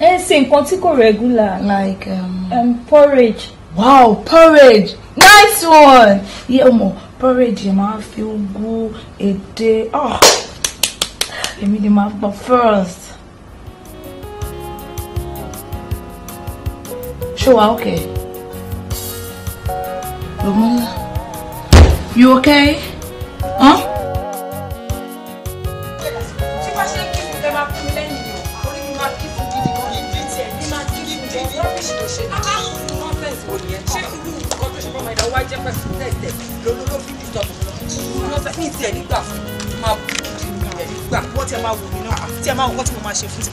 D: ẹ ṣe nǹkan tí kò regular. like um, um, porridge. wow porridge nice one. yé ọmọ porridge yẹn máa fi ugu èdè ah, èmi ni màá pọ first. ṣé wàá okay? Romola, you okay? bá jẹ́ pẹ̀sì tẹ̀tẹ̀ ní ìtọ́jú lọ́fẹ́ ní ìtẹ̀ nígbà fún máa bù ẹ̀ nígbà wọ́n ti máa wò mí náà tí ẹ máa wọ́n tí máa ṣe fún ti.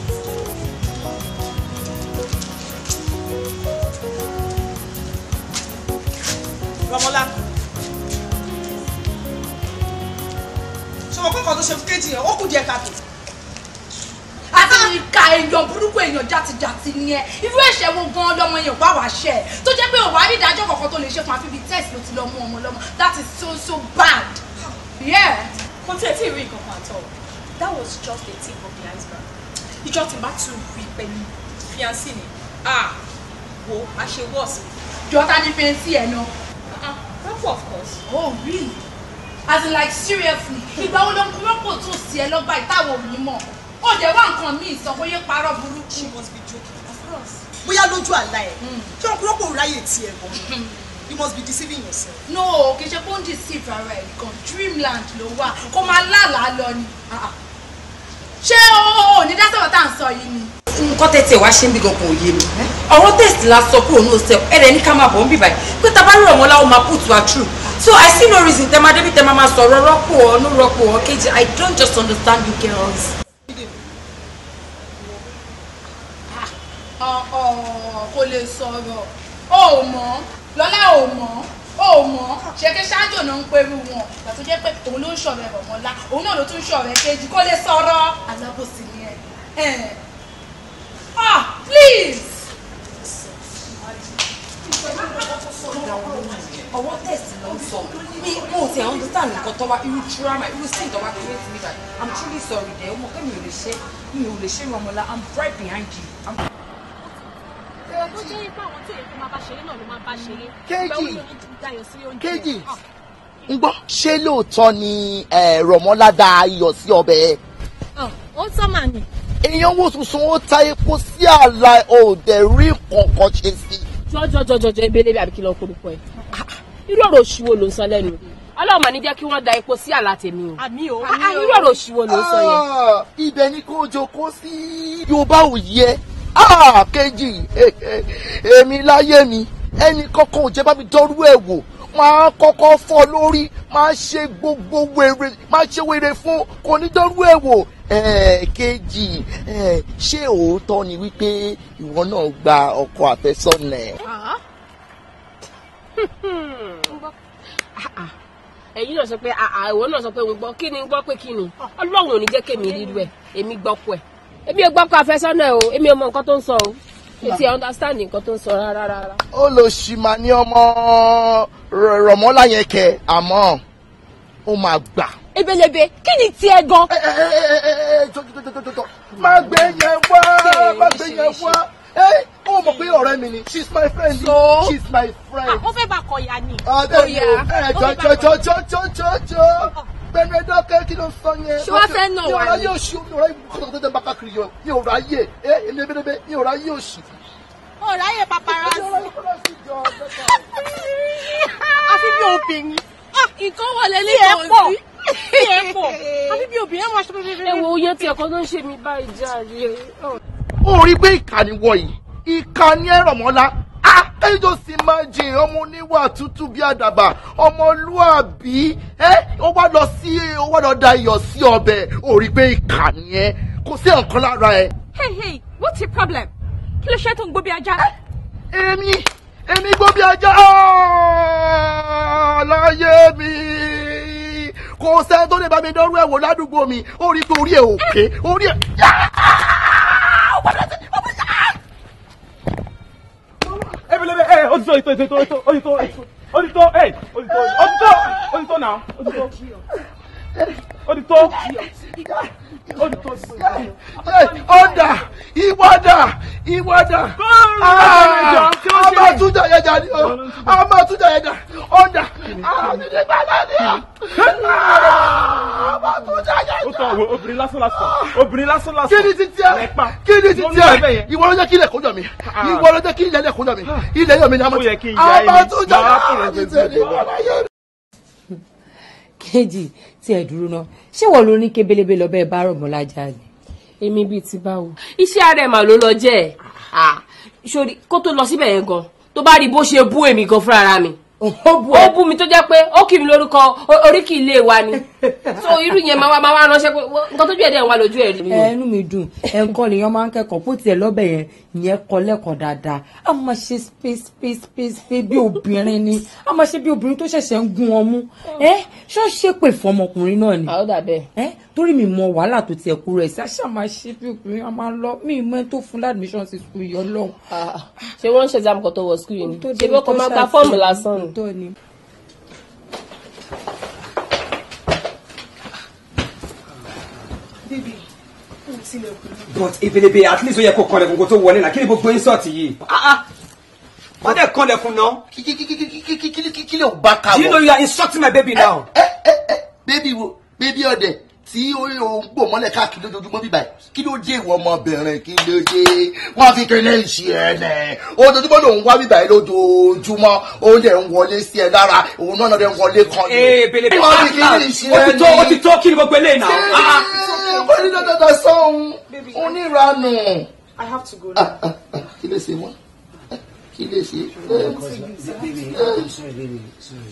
A: rọmọlá ṣọwọ́ kọ́kọ́ tó
D: ṣe fún kéjì yẹn ó kù díẹ̀ káàtó ìka èèyàn burúkú èèyàn játijàti ni ẹ irú ẹ̀ṣẹ̀ wo gan lọmọ yẹn wá wá ṣẹ tó jẹ́ pé òwárí ìdájọ́ kankan tó lè ṣe fún àfihàn test ló ti lọ mú ọmọ lọ́mọ that is so so bad. mo tẹ́ tí ìwé ìkànkan àtọ̀ that was just the tip of the iceberg ìjọ tí bá tún rí pẹ̀lú fiancé ni ah wo a ṣe wọ́ọ̀sì. jọta ní fẹ́ǹsì ẹ̀ náà. Ah, ah, rọ́pò of course. oh really as in like seriously ìgbà wo ló ń rọ́pò tó sí ẹ lọ́gbà ìtàwọn ò ní mọ̀ ó jẹ́ wá nǹkan míì sọ pé parọ́ burúkú. she must be joking of course. bóyá lójú àlá ẹ̀ kí hmm. wọ́n kúrò kó ráyè tiẹ̀ bọ̀ hmm. you must be deceiving yourself. no kì í ṣe pé ó ń deceive ara ẹ̀ nìkan dreamland ló wà kó máa lálàá lọ ni ṣé o ò ní dásọ̀rọ̀ tá ń sọ yìí ni. nǹkan tẹ̀tẹ̀ wá ṣe ń bí gangan òye mi ọ̀rọ̀ test la sọ kúrò ní oṣù ẹ̀rẹ̀ ní ká máa bọ̀ ń bì báyìí pé tá rọ̀ wọ́n láwọn máa put wa through so i see no reason tẹ́ máa débi tẹ́ máa máa sọ̀rọ̀ rọ́pò ọ̀ ní rọ́pò ọ̀ kejì i don't just understand you girls. kò lè sọ̀rọ̀ o ò mọ̀ lọ́lá ò mọ̀ o ò mọ̀ ṣèké ṣáájò náà ń perú wọn ìgbà tó jẹ́ pé òun ló ń ṣọ̀rọ̀ ẹ̀rọ̀ mọ́lá òun náà ló tún ṣọ̀rọ̀ ẹ̀kejì kò lè sọ̀rọ̀ alábòsí ni ẹ̀ ah, please. ọwọ́ tẹ̀sí ló ń sọ mi mo ti àwọn understand nǹkan tó irú trauma irú sin tó wá create me that i'm truly sorry dẹ̀ ọmọ kẹ́mi ò lè ṣe mi ò lè ṣe ìrànmọ́lá i'm right behind you. I'm bó jẹ́ ipá àwọn tó yẹ kó máa bá ṣeré náà ló máa bá ṣeré. kéjì
G: kéjì ah. ń gbọ́ ṣé lóòótọ́ ni rọ̀mọ́ládà iyọ̀ sí ọbẹ̀. Ah, ó tọ́ màá nì. èèyàn wo tuntun ó ta epo sí àlà òde rí kankan ṣe sí.
D: jọjọjọjọjọ ebele bí abikilọ korúkọ ẹ
G: irú ọ̀rọ̀ òṣù wo ló ń sọ lẹ́nu
D: ọlọ́run mà ní jẹ́ kí wọ́n da epo sí àlà tèmi o àmì o ah, irú ọ̀rọ̀ òṣù wo ló ń sọ yẹn.
G: ibẹ̀ ni kó o jókòó sí yorùbá òye Ah, kejì e, e, èmi láyé mi ẹnì kankan ò jẹ́ bá mi dọ́rú ẹ̀ wò máa kọ́kọ́ fọ́ lórí máa ṣe gbogbo wèrè máa ṣe wèrè fún kò ní dọ́rú ẹ̀ wò ẹ̀ẹ́kejì ṣé òótọ́ ni wípé ìwọ náà gba ọkọ àfẹ́sọ́nà ẹ̀.
D: Ah. ẹ̀yin náà sọ pé ah, ìwọ náà sọ pé òun gbọ́ kí ni gbọ́ pé kí ni ọlọ́run ò ní jẹ́ kémi rírú ẹ̀ èmi gbọ́ pọ̀ ẹ̀ èmi ò gbọ́kọ̀ àfẹ́sọ́nà o èmi ò mọ nǹkan tó ń sọ o mi ti understand nǹkan tó ń sọ rárá rárá.
G: ó lọ ṣì máa ní ọmọ rọmọlá yẹn kẹ àmọ́ ó máa gbà. ebelebe kí ni tiẹ̀ gan. má gbé yẹn wá má gbé yẹn wá ó mọ̀ pé ọ̀rẹ́ mi ni she my friend so, she is my friend. àkọ́fẹ́
D: ah, bá kọ̀yà ni. ọ̀dẹ̀ yìí
G: ẹ̀jọ̀jọ̀jọ̀jọ̀jọ̀jọ̀ gbẹnẹdọkẹ kí ló sọ yẹn. ṣé wàá fẹ́ nà wá ni. yóò ṣe ọ̀rọ̀ ìkọ̀tọ̀ tó bá káàkiri yọ yóò rà ẹ elébélébé yóò rà yé òṣì. ó rà paparazzi.
D: àfi bí obìnrin. nǹkan wà lẹ́lẹ́ kan sí. bí ẹ pọ̀ bí
G: obìnrin ẹ̀ wọ́n aṣọ pẹ́pẹ́pẹ́. ẹ wo oyè tí ẹ̀kọ́ tó ń ṣe mi báyìí jáde. ó rí pé ìkànnì wọ̀nyí ìkànnì ẹ̀rọ̀mọ́lá can you just imagine ọmọ oníwà tútù bí àdàbà ọmọlúàbí ẹ ó wá lọ sí ó wá lọ da iyọ̀ sí ọbẹ̀ ó rí pé ìkà nìyẹn kò sí ọ̀kan lára ẹ.
D: hey what's your problem kí ló ṣe tó ń gbó bí ajá.
G: èmi èmi gbó bí ajá láyé mi kò sẹ́ni tó lè bá mi dánrú ẹ̀ wò ládùúgbò mi ó rí pé orí ẹ̀ òkè orí ẹ̀. Hey, Hey, ẹ òtítọ́ òtítọ́ òtítọ́ òtítọ́ òtítọ́ ẹ òtítọ́ òtítọ́ òtítọ́ náà òtítọ́ òtítọ́ ọ̀dà ìwádà ìwádà ah, àmàtújà yẹjà ni o àmàtújà yẹjà ọ̀dà àmàtújà yẹjà ni o àmàtújà yẹjà. ó tọ̀ wo obìnrin lásán lásán ah. obìnrin lásán lásán. kí ni ti tiẹ̀ kí ni ti tiẹ̀ ìwọ ló jẹ́ kí ilẹ̀ kó jọ mi ìwọ ló jẹ́ kí ilẹ̀ kó mi ilẹ̀ yọ mi ni àmàtújà yẹjà ni o.
D: kejì tí ẹ dúró náà ṣé wọ́n ló ní kébélébé lọ bẹ́ẹ̀ bá rọ̀mọ́ lájà ni. èmi bíi ti báwo. iṣẹ́ ara ẹ̀ mà ló lọ jẹ́ ẹ̀ sori kó tó lọ síbẹ̀ yẹn gan tó bá rí bó ṣe bú èmi gan fúnra mi ó bú mi tó jẹ́ pé ó kì mí lórúkọ oríkì ilé wa ni so irú yẹn máa wá ránṣẹ́ pé nǹkan tójú ẹ̀ dẹ̀ wá lójú ẹ̀ rí. ẹnu mi dùn ẹ̀ǹkan lèèyàn máa ń kẹ́kọ̀ọ́ bó tiẹ̀ lọ́bẹ̀ yẹn ìyẹn kọ lẹ́kọ̀ọ́ dáadáa a máa ṣe space space space space bí obìnrin ni a máa ṣe bí obìnrin tó ṣẹ̀ṣẹ̀ ń gún ọmú ẹ ṣó ṣe pè fún ọmọkùnrin náà ni. ẹ torí mi mọ wàhálà tó tiẹ̀ kú rẹ̀ ṣá ṣá máa ṣe bí obìnrin a máa lọ mí mọ́ tó fún admission sí school yọ lọ́hùn. Ah, ṣé wọ́n ń ṣe exam tó wọ school yìí ṣé bí ọkọ̀ máa ta fọ́ọ̀mù lásán ni.
F: sílẹ̀kùn.
H: but ebelebe at least ó yẹ kó kanlẹ̀kùn kó tó wọlé náà kí ni gbogbo insọ́ọ̀tì yìí. Ah, ah. wọ́n dẹ̀ kanlẹ̀kùn náà. kí ló
G: bá kà wọ. do you know you are insulting my baby now. ẹ ẹ ẹ baby wo baby ọdẹ tí ó ń gbò mọ́lẹ̀ káàkiri lójoojúmọ́ bíbá yìí kí ló dé ìwọ ọmọbìnrin kí ló dé wọ́n fi kiri lẹ́yìn sí ẹ nẹ̀ ojoojúmọ́ ló ń wá bíbá yìí lójoojúmọ́ oúnjẹ ń wọlé sí ẹ lára òun náà lọ́dẹ ń wọlé kan
H: yìí eh, wọ́n fi kiri lẹ́yìn sí ẹ nẹ̀ ó ti tó kí ni gbogbo eléyìí náà. kó
G: ah, ah. ní dandan sọ òun oníranù. I have to go ah, now. kí ló ṣe wọ́n kí lè ṣe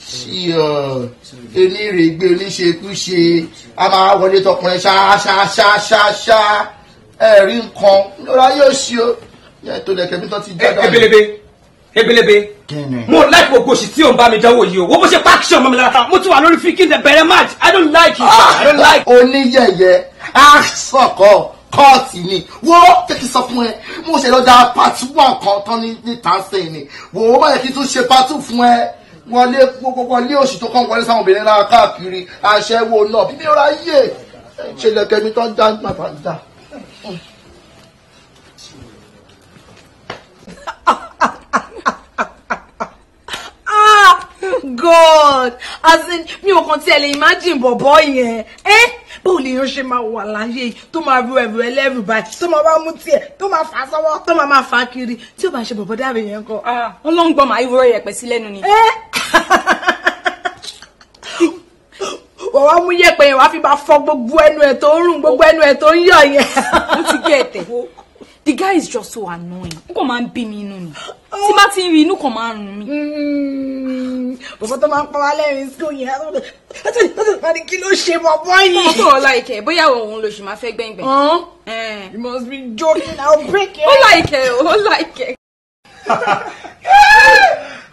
G: sí ọ onírègbè oníṣekúṣe a máa wọlé tọkùnrin ṣáṣáṣáṣáṣá ẹ̀rí nǹkan lọ́la yóò ṣe o yẹ tó lẹ́kẹ̀ẹ́ mi tán ti jẹ́ ebelebe
H: ebelebe mo like gbogbo òsì o ń bá mi dánwò yìí
G: o wo bó ṣe páàkì ṣe ọmọ mo ti wà lórí fíkì bẹ̀rẹ̀ match i don't like it ah! i don't like. oníyẹ̀yẹ̀ á ah! sọ̀kọ̀ kọ́ọ̀tì ni wo tẹ́tí sọ fún ẹ mo ṣe lọ́jà part one kan tán ní ní tansen ni wo ó bá yẹ kí n tún ṣe part two fún ẹ wọlé wọlé oṣù tó kàn wọlé sáwọn obìnrin náà káàkiri aṣẹ́wó náà bí mi ra yé ṣẹlẹ̀ kẹ́mi tó ń dá bàbá ń dá. Ah,
D: God as in mi ò kàn tiẹ̀ lè imagine bọ̀bọ̀ yẹn. Eh? báwo lèèyàn ṣe máa wà láyé yìí tó máa ru ẹrù ẹlẹ́rù báyìí tó máa wá mú tiẹ̀ tó máa fà sọ́wọ́ tó máa máa fà kiri tí ò bá ṣe bọ̀bọ̀ dáre yẹn kọ. ọlọ́ngbọ́n ah, màá ìwúrọ̀ yẹpẹ̀ sí lẹ́nu ni. Eh? wọ́n wá mú yẹpẹ̀ yẹn wá fi máa fọ gbogbo ẹnu ẹ̀ tó ń rùn gbogbo ẹnu ẹ̀ tó ń yọ̀ yẹn. ó ti gé ẹ̀tẹ̀. (laughs) the guy is just so annoying ó kàn máa ń bí mi inú ni oh. tí bá ti ń rí inú kàn máa ń rún mi. bọ̀bọ̀
A: tó máa ń pa wá lẹ́rìn sí òyìn àtọ́tọ́ àtọ́tọ́ àti kí ló ṣe mọ́ bọ́yì. ọmọ tó
D: láìkẹ́ bóyá òun ló ṣì máa fẹ́ gbẹ̀ngbẹ̀. Eh. you must be
A: joking i will break your. ó láìkẹ́ ó
I: láìkẹ́. (laughs)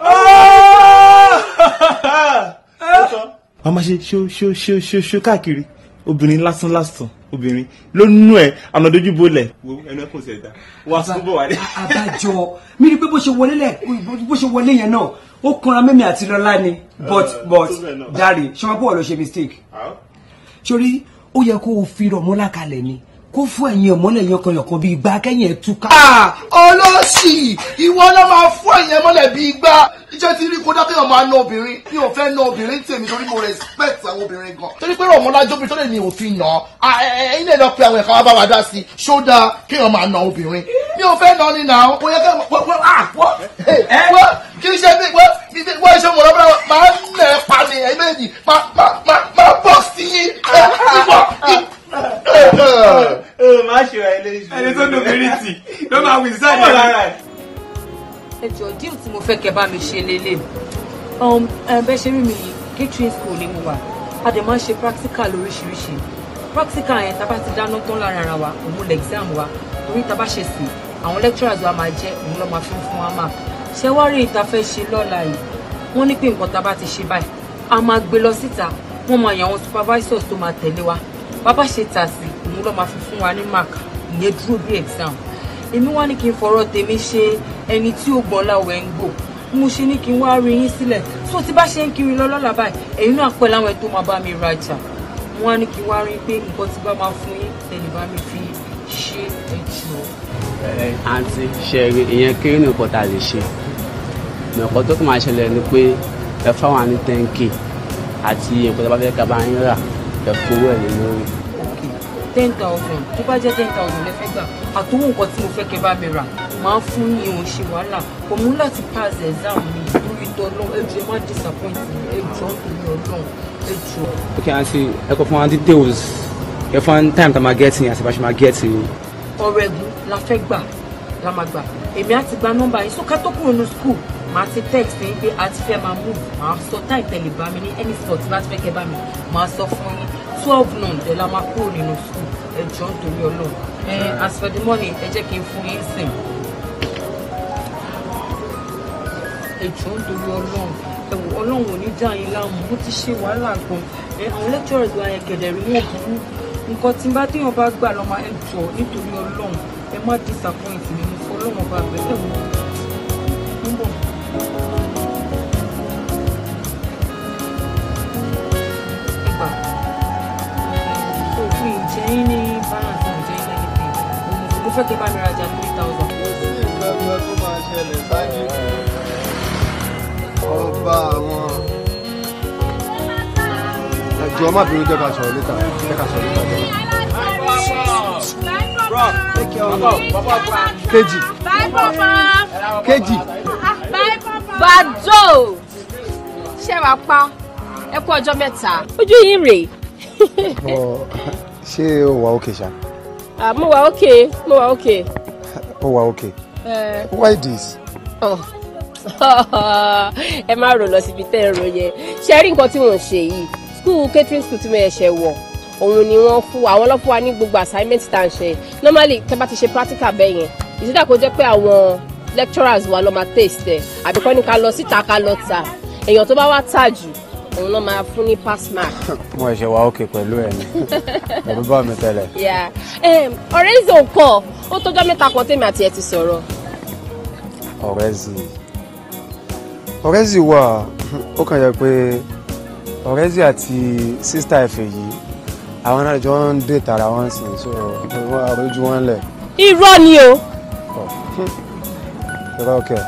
I: Oh!
J: màmá ṣe ṣó ṣó ṣó ṣó káàkiri obìnrin lásán lásán obìnrin ló nú ẹ àná dojú bolẹ̀.
I: wo ẹnu ẹkùn sí ẹja wà á sún bọ̀ wá dé.
H: àbájọ mi ni pé bó ṣe wọlé lẹ bó ṣe wọlé yẹn náà ó kanra mẹ́mi àti lọ́lá ni but but jàre ṣọmọ pọ̀ ṣe mistake. sori ó yẹ kó o
G: fi rọ̀ mọ́lá kalẹ̀ ni kó fún ẹ̀yin ọ̀mọ́lẹ̀ yankanyankan bíi igba kẹ́yìn ẹ̀ túká. ọlọ́sì ìwọ náà máa fún ẹ̀yin ọmọlẹ̀ bíi igba iṣẹ́ ti rí kódà kéèyàn máa ná obìnrin mi ò fẹ́ ná obìnrin tèmi torí mo respect àwọn obìnrin gan torí pé ọmọ lájọbí tó lè ní òfin nà ẹ̀yin lè lọ pe àwọn ẹ̀ka wa bá wa dá sí i ṣódà kéèyàn máa ná obìnrin mi ò fẹ́ ná ni nà ó yẹ kẹ́ wọ́n wọ́n ah, kí ṣe bí wọ́n wọ́n ṣe mọ̀ lọ́wọ́ máa ń nà ẹ̀ pa ni ẹ̀ méjì máa bọ́ọ̀sì yín ah, ah. (laughs)
I: Oh, má ṣe ra ilé iṣu. ẹni tó dòbìrì tì ló máa wí sáyẹn.
D: ẹ jọ díò tí mo fẹ́ kẹ́ bá mi ṣe lélẹ̀ um, bẹ́ẹ̀ ṣe rí mi yìí catering school ni mo wà a dẹ̀ máa ń ṣe practical lóríṣiríṣi practical yẹn tá a bá ti dáná tán lára ara wa òun lè exam wa orí tá a bá ṣe sí àwọn lecturers wa máa jẹ́ òun lọ́ọ́ máa fi fún wa map ṣé wá rí ìta fẹ́ ṣe lọ́la yìí wọ́n ní pé nǹkan tá a bá ti ṣe báyìí a máa gbé lọ síta wọ́n máa yàn àwọn supervisors tó máa tẹ̀lé wa bàbá ṣe tà sí òun ló máa fi fún wa ní mark ìyẹn dúró bí exam èmi wá ní kí n fọ̀rọ̀ tèmi ṣe ẹni tí ó gbọ́n láwẹ̀ ń gbò mo ṣe ní kí n wá rí yín sílẹ̀ tó ti bá ṣe ń kiri lọ lọ́la báyìí ẹ̀yin náà pẹ́ láwọn tó máa bá mi rajà wọ́n á ní kí n wá rí pé nǹkan ti bá máa fún yín tẹ̀lé bá mi fi ṣe ẹ̀jọ̀.
I: àǹtí ṣẹ̀rí ìyẹn kiri ní nǹkan tá a lè ṣe nǹkan tó kàn máa ṣẹlẹ̀ ni pé ẹ fáwọn
B: àní ten àti nǹkan tó bá fẹ́ ká rà ìdàgbówó ẹ̀ lórí.
D: ten thousand tó bá jẹ́ ten thousand lẹ fẹ́ gbà àtúwò nǹkan tí mo fẹ́ kẹ́ bá mi rà máa fún ní òun ṣe wàhálà kò mú láti pass exam mi lórí tọ́lọ́ ẹjọ́ má disappoint mi ẹjọ́ nítorí ọlọ́run ẹjọ́.
H: ok àǹtí ẹ kọ fún wa details ẹ fún wa time tá a máa gẹ́tì àti bá a ṣe máa gẹ́tì.
D: ọ̀rẹ́gun la fẹ́ gbà la máa gbà èmi á ti gba nọ́mbà yìí sókà tó kúrò ní school màá ti text yín pé a ti fẹ́ máa move màá sọ time tẹ̀lé bá mi ní any spot bá ti fẹ́ kẹ́ bá mi màá sọ fún yín twelve noon dẹ̀ la máa kúrò nínú school ẹ̀jọ̀ nítorí ọlọ́run ẹ̀ as for the money ẹ jẹ́ kí n fún yín sìn ẹ̀jọ̀ nítorí ọlọ́run ẹ̀wọ̀ ọlọ́run ò ní dá yín láàmú ó ti ṣe wàhálà gan ẹ̀ àwọn lecturers wa yẹn kẹ̀dẹ̀ rí wọn burú nǹkan tí n bá téèyàn bá gbà lọ́mọ ẹ̀ jọ nítorí ọlọ́run ẹ má disappoint mi mo fọ́ ọlọ́run bá bẹ́ẹ̀ wọ́n ń bọ̀.
B: ẹ̀yin ní balance náà jẹ́ ilé nípa ìlú mo fẹ́ kí bá mi rajà ní three thousand. kò sí nǹkan kan tó máa ṣẹlẹ̀ sáájú
G: ọba àwọn.
B: ẹjọ má bínú jẹ́ ká sọ̀rọ̀ níta jẹ́ ká sọ̀rọ̀ níta jẹ́. kejì
D: kejì. bàjọ́ ṣẹ́ra pa ẹ kú ọjọ́ mẹ́ta ojú yìí rèé
B: ṣé o wà òkè ṣá.
D: mo wa òkè mo wa òkè. o wà òkè. Eh.
B: why this.
D: Oh. (laughs) ẹ má rò lọ síbi tẹ́ ẹ rò yẹn ṣe rí nǹkan tí mò ṣe yìí school catering school tí mo ẹ̀ṣẹ̀ wọ̀ òun ni wọ́n fún àwọn ló fún wa ní gbogbo assignment tá à ń ṣe normally tẹ́ bá ti ṣe practical bẹ́ẹ̀ yẹn ìṣẹ́dá kó jẹ́ pé àwọn lecturers wa ló máa taste ẹ̀ àbíkọ́ ni ká lọ síta ká lọ tà èèyàn tó bá wá tà jù òun náà máa fún ní pass mark.
B: (laughs) mo ṣe wá òkè pẹ̀lú ẹ̀ ni pẹ̀lú bá mi tẹ́lẹ̀.
D: ọ̀rẹ́ ìzò kọ̀ ó tọ́jọ́ mẹ́ta kan tèmi àti ẹ̀ ti sọ̀rọ̀.
B: ọ̀rẹ́ zì ọ̀rẹ́ zì wà ó kàn yẹ pé ọ̀rẹ́ zì àti sísítà ẹ̀fẹ̀ yìí àwọn náà jọ ń dé tara wọn sì ń sọ̀rọ̀ wọn àrójú wọn lẹ̀.
D: irọ́ ni o. Oh. (laughs)
B: irọ́ kẹ̀.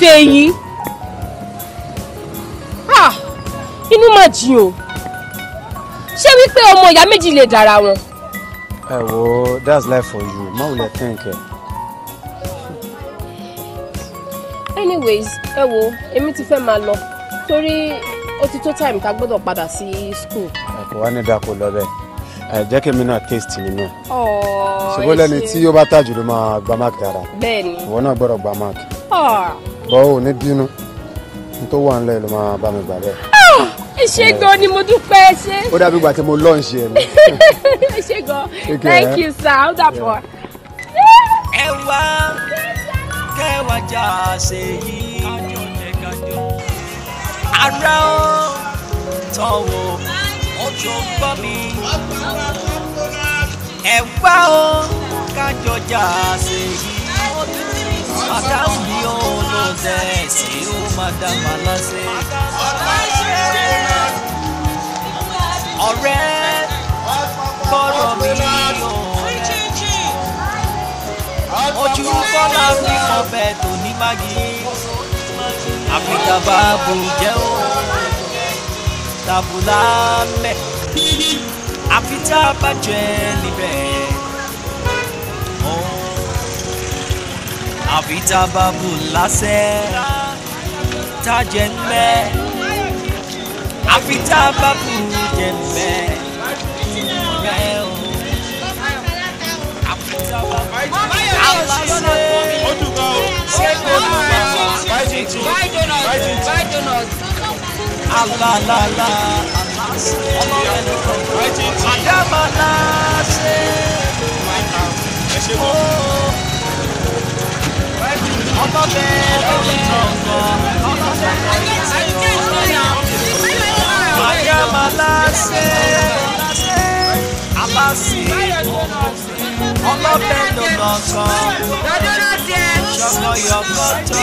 B: fèyí.
D: Dàjí o ṣé wípé ọmọ ìyá méjì lè dára wọn.
B: ẹ wo that's life for you má wulẹ̀ think ẹ.
D: anyways ẹ wo èmi ti fẹ́ máa lọ torí ó ti tó time ká gbọ́dọ̀ padà sí school.
B: kò wá ní dako lọ bẹ́ẹ̀ ẹ jẹ́ kí mi náà taste nínú ẹ̀.
G: ṣùgbọ́n lẹ́ni tí yóò bá
B: tà jù máa gba mark dára. ìwọ náà gbọ́dọ̀ gba mark. bọ́ ò ní bínú n tó wà ń lẹ̀ ló máa bá mi gbà bẹ́ẹ̀.
D: Ah! ṣé gan ni mo dúpẹ́ ṣe. ó dàbí
B: ìgbà tí mo lunch ẹ ni.
D: (laughs)
A: ṣé gan thank you sir ó dàbọ̀. ẹ wá kẹwàá jà ṣe yìí ara ó tọ̀wọ̀ ojú gbọ́ mi ẹ wá ó kájọ jà ṣe yìí. Akambi olóde sí ó máa dá màá lásẹ̀. Ọ̀rẹ́ bọ́rọ̀ mi mi ọbẹ̀ tó ní mági. Àfíkà bá bò jẹ́ o, tàbùlà mẹ́, àfi níbẹ̀. àfi tábàbù lásẹ̀ tájẹ̀ ń bẹ́ àfi tábàbù jẹ̀ ń bẹ́ bẹ́ẹ̀ o àfi tábàbù lásẹ̀ ṣé kò lù bàbá buy donuts buy donuts. alalala ọmọ rẹ ló kọ àdàbà láṣẹ. ẹ ṣe kó ọlọ́bẹ̀ lọ́lọ́sọ ṣọkọyọkọtọ màtàmátàṣe abasi ọlọ́bẹ̀ lọ́lọ́sọ ṣọkọyọkọtọ.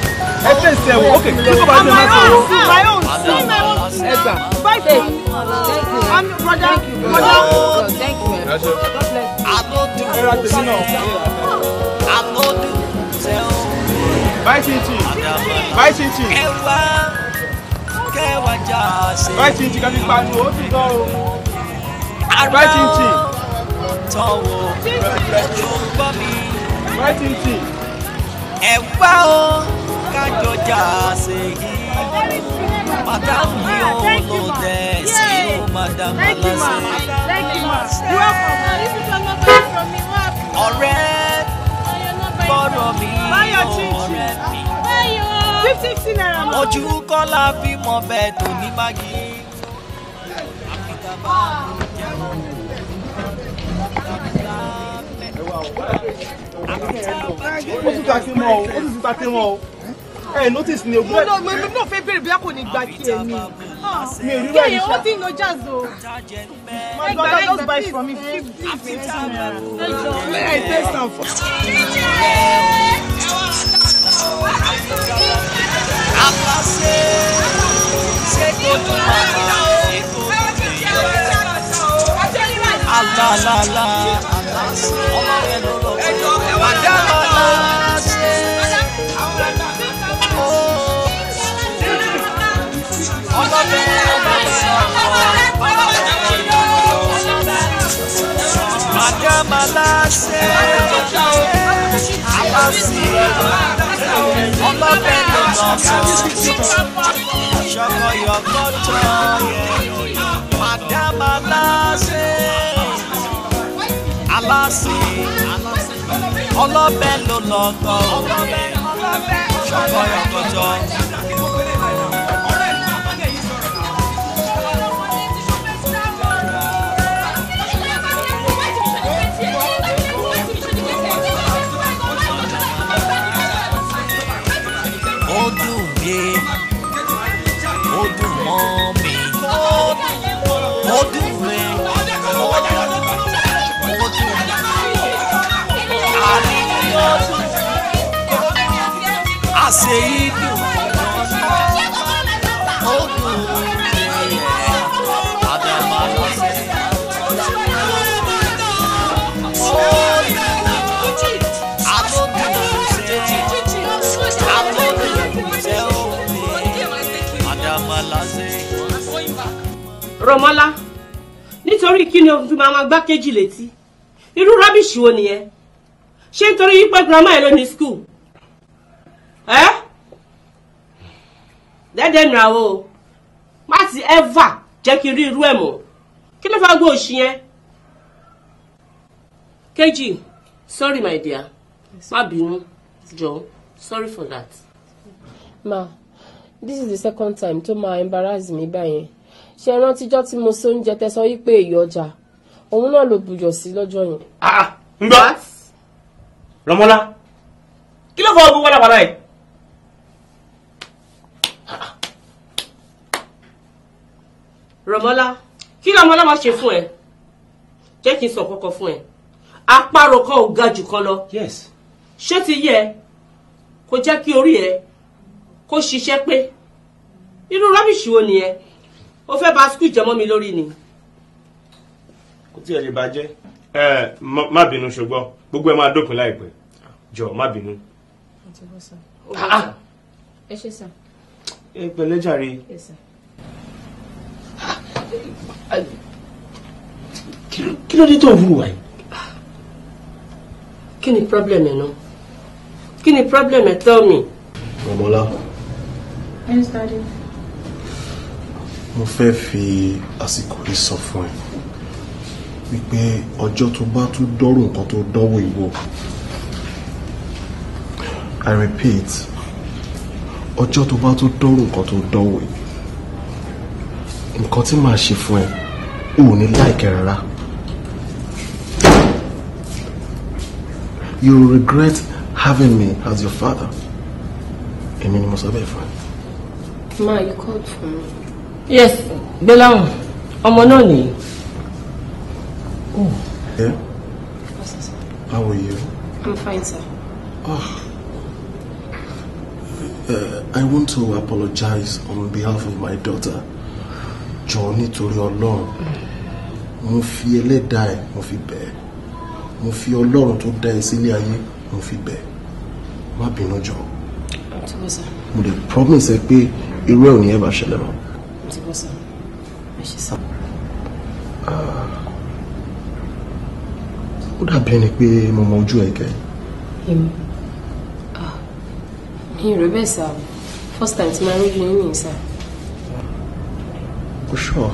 F: ẹ fèsì ẹ̀wọ̀ ok kí ló bá dé máa sọ owó. my own see my own see my own.
D: five eight am brother brother. thank you oh, god bless you.
J: ẹ ra tèmi náà. báyìí chinchin
A: báyìí chinchin. báyìí chinchin kàbí pariwo ó ti tọ́ o. báyìí chinchin. tọ́wọ́ ló ń gbọ́ mi. báyìí chinchin. ẹ wá o kájọjà ṣe yìí madam ni ó lò dé sí ó madam aláṣẹ. ọ̀rẹ́ gbọ́dọ̀ mi ọ̀rẹ́ mi ojú kọ́lá fi mọ bẹ́ẹ̀ tó ní báyìí.
F: ó tún ta sí mọ́ ó tún ta sí mọ́ ó ẹ notice ni ogun. mo mo náà fẹ́ bèrè bíyà kò ní gba kí ẹ ní. mi ò rí rẹ̀ nìṣá. kéèyàn ó ti
A: nà jazz o. my brother just buy from me fifty
F: fifty naira.
A: ẹ taste am for. àpàṣẹ ṣe kò tó máa ṣe kò tó yẹ. alalala àpàṣẹ ọmọ rẹ ló lọ. ẹjọ́ ẹwà dáná ṣe. ṣe àpàṣì ọlọ́bẹ̀ lọ́nà ṣọkọyọ kọjọ madam aláṣẹ aláṣẹ ọlọ́bẹ̀ lọ́nà ṣọkọyọ kọjọ. ṣe yí dùn ó dùn
E: àdàmà lọ sí.
D: Rọmọlá nítorí kí ni o fi máa gbá kejì létí irú rọ́bìṣì wo nìyẹn ṣé nítorí yípo girama ẹ ló ní skul ẹ́ eh? dẹ́dẹ́ nira o má ti ẹ́fà jẹ́ kí n rí irú ẹ̀ mọ́ kí ló fẹ́ gbọ́ òṣì yẹn. kejì sorry my dear má bínú jọ̀ọ́ sorry for that. ma this is the second time tó máa embarrass mi báyẹn ṣe rántíjọ́ tí mo se oúnjẹ tẹ́sán yí pé èyí ọjà òun náà ló bùjọ sí lọ́jọ́ yẹn. ah
I: ǹgbọ́ ah, rọmọlá kí ló fọ ọgbọ́n wàlàwàlà yìí.
D: rọmọlá kí lọmọ náà máa ṣe fún ẹ jẹ́ kí n sọ kọ́kọ́ fún ẹ àparò kan ò ga jù kan lọ ṣé ti yẹ kó jẹ́ kí orí ẹ kó ṣiṣẹ́ pé irú rọ́bìṣì wo nìyẹn o fẹ́ bà skul jẹ́ mọ́ mi
I: lórí ni. kò tí ẹ lè bàjẹ́ ẹ má bínú ṣùgbọ́n gbogbo ẹ máa dópin láìpẹ́ jọ má bínú.
D: Ah, ah. ẹ ṣe sàn.
I: ẹ pẹ̀lẹ́ jàre. ẹ sàn kí ló dé tó ń fún wa yìí.
D: kí ni problem ẹ náà kí ni problem ẹ tell me. ọmọlá. yes daddy.
B: mo fẹ́ fi àsìkò yìí sọ fún ẹ wípé ọjọ́ tó bá tún dọ́rùn nǹkan tó dánwò ìwọ I repeat ọjọ́ tó bá tún dọ́rùn nǹkan tó dánwò ìwọ nǹkan tí màá ṣe fún ẹ ò ní láìkẹ rárá you regret having me as your father èmi ni mo sọ bẹ́ẹ̀ fún ẹ.
D: ma you called for me. yes gbẹláhùn ọmọ náà nìyí.
B: oh. Yeah. How are you?
D: I'm fine, sir. Oh.
B: Uh, I want to apologize on behalf of my daughter jọ nítorí ọlọ́run mo fi ẹlẹ́dàá ẹ̀ mo fi bẹ̀ mo fi ọlọ́run tó dá ẹ sílé ayé mo fi bẹ̀ má bínú jọ mo lè promise ẹ pé irú ẹ̀ ò ní ẹ̀ bá ṣẹlẹ̀ mọ́. ó dàbí ẹni pé mo mọ ojú ẹ kẹ.
D: Ah, mi ò rẹ bẹ́ẹ̀ sá first time tí mo rí yín nìyí sá
B: o sọ.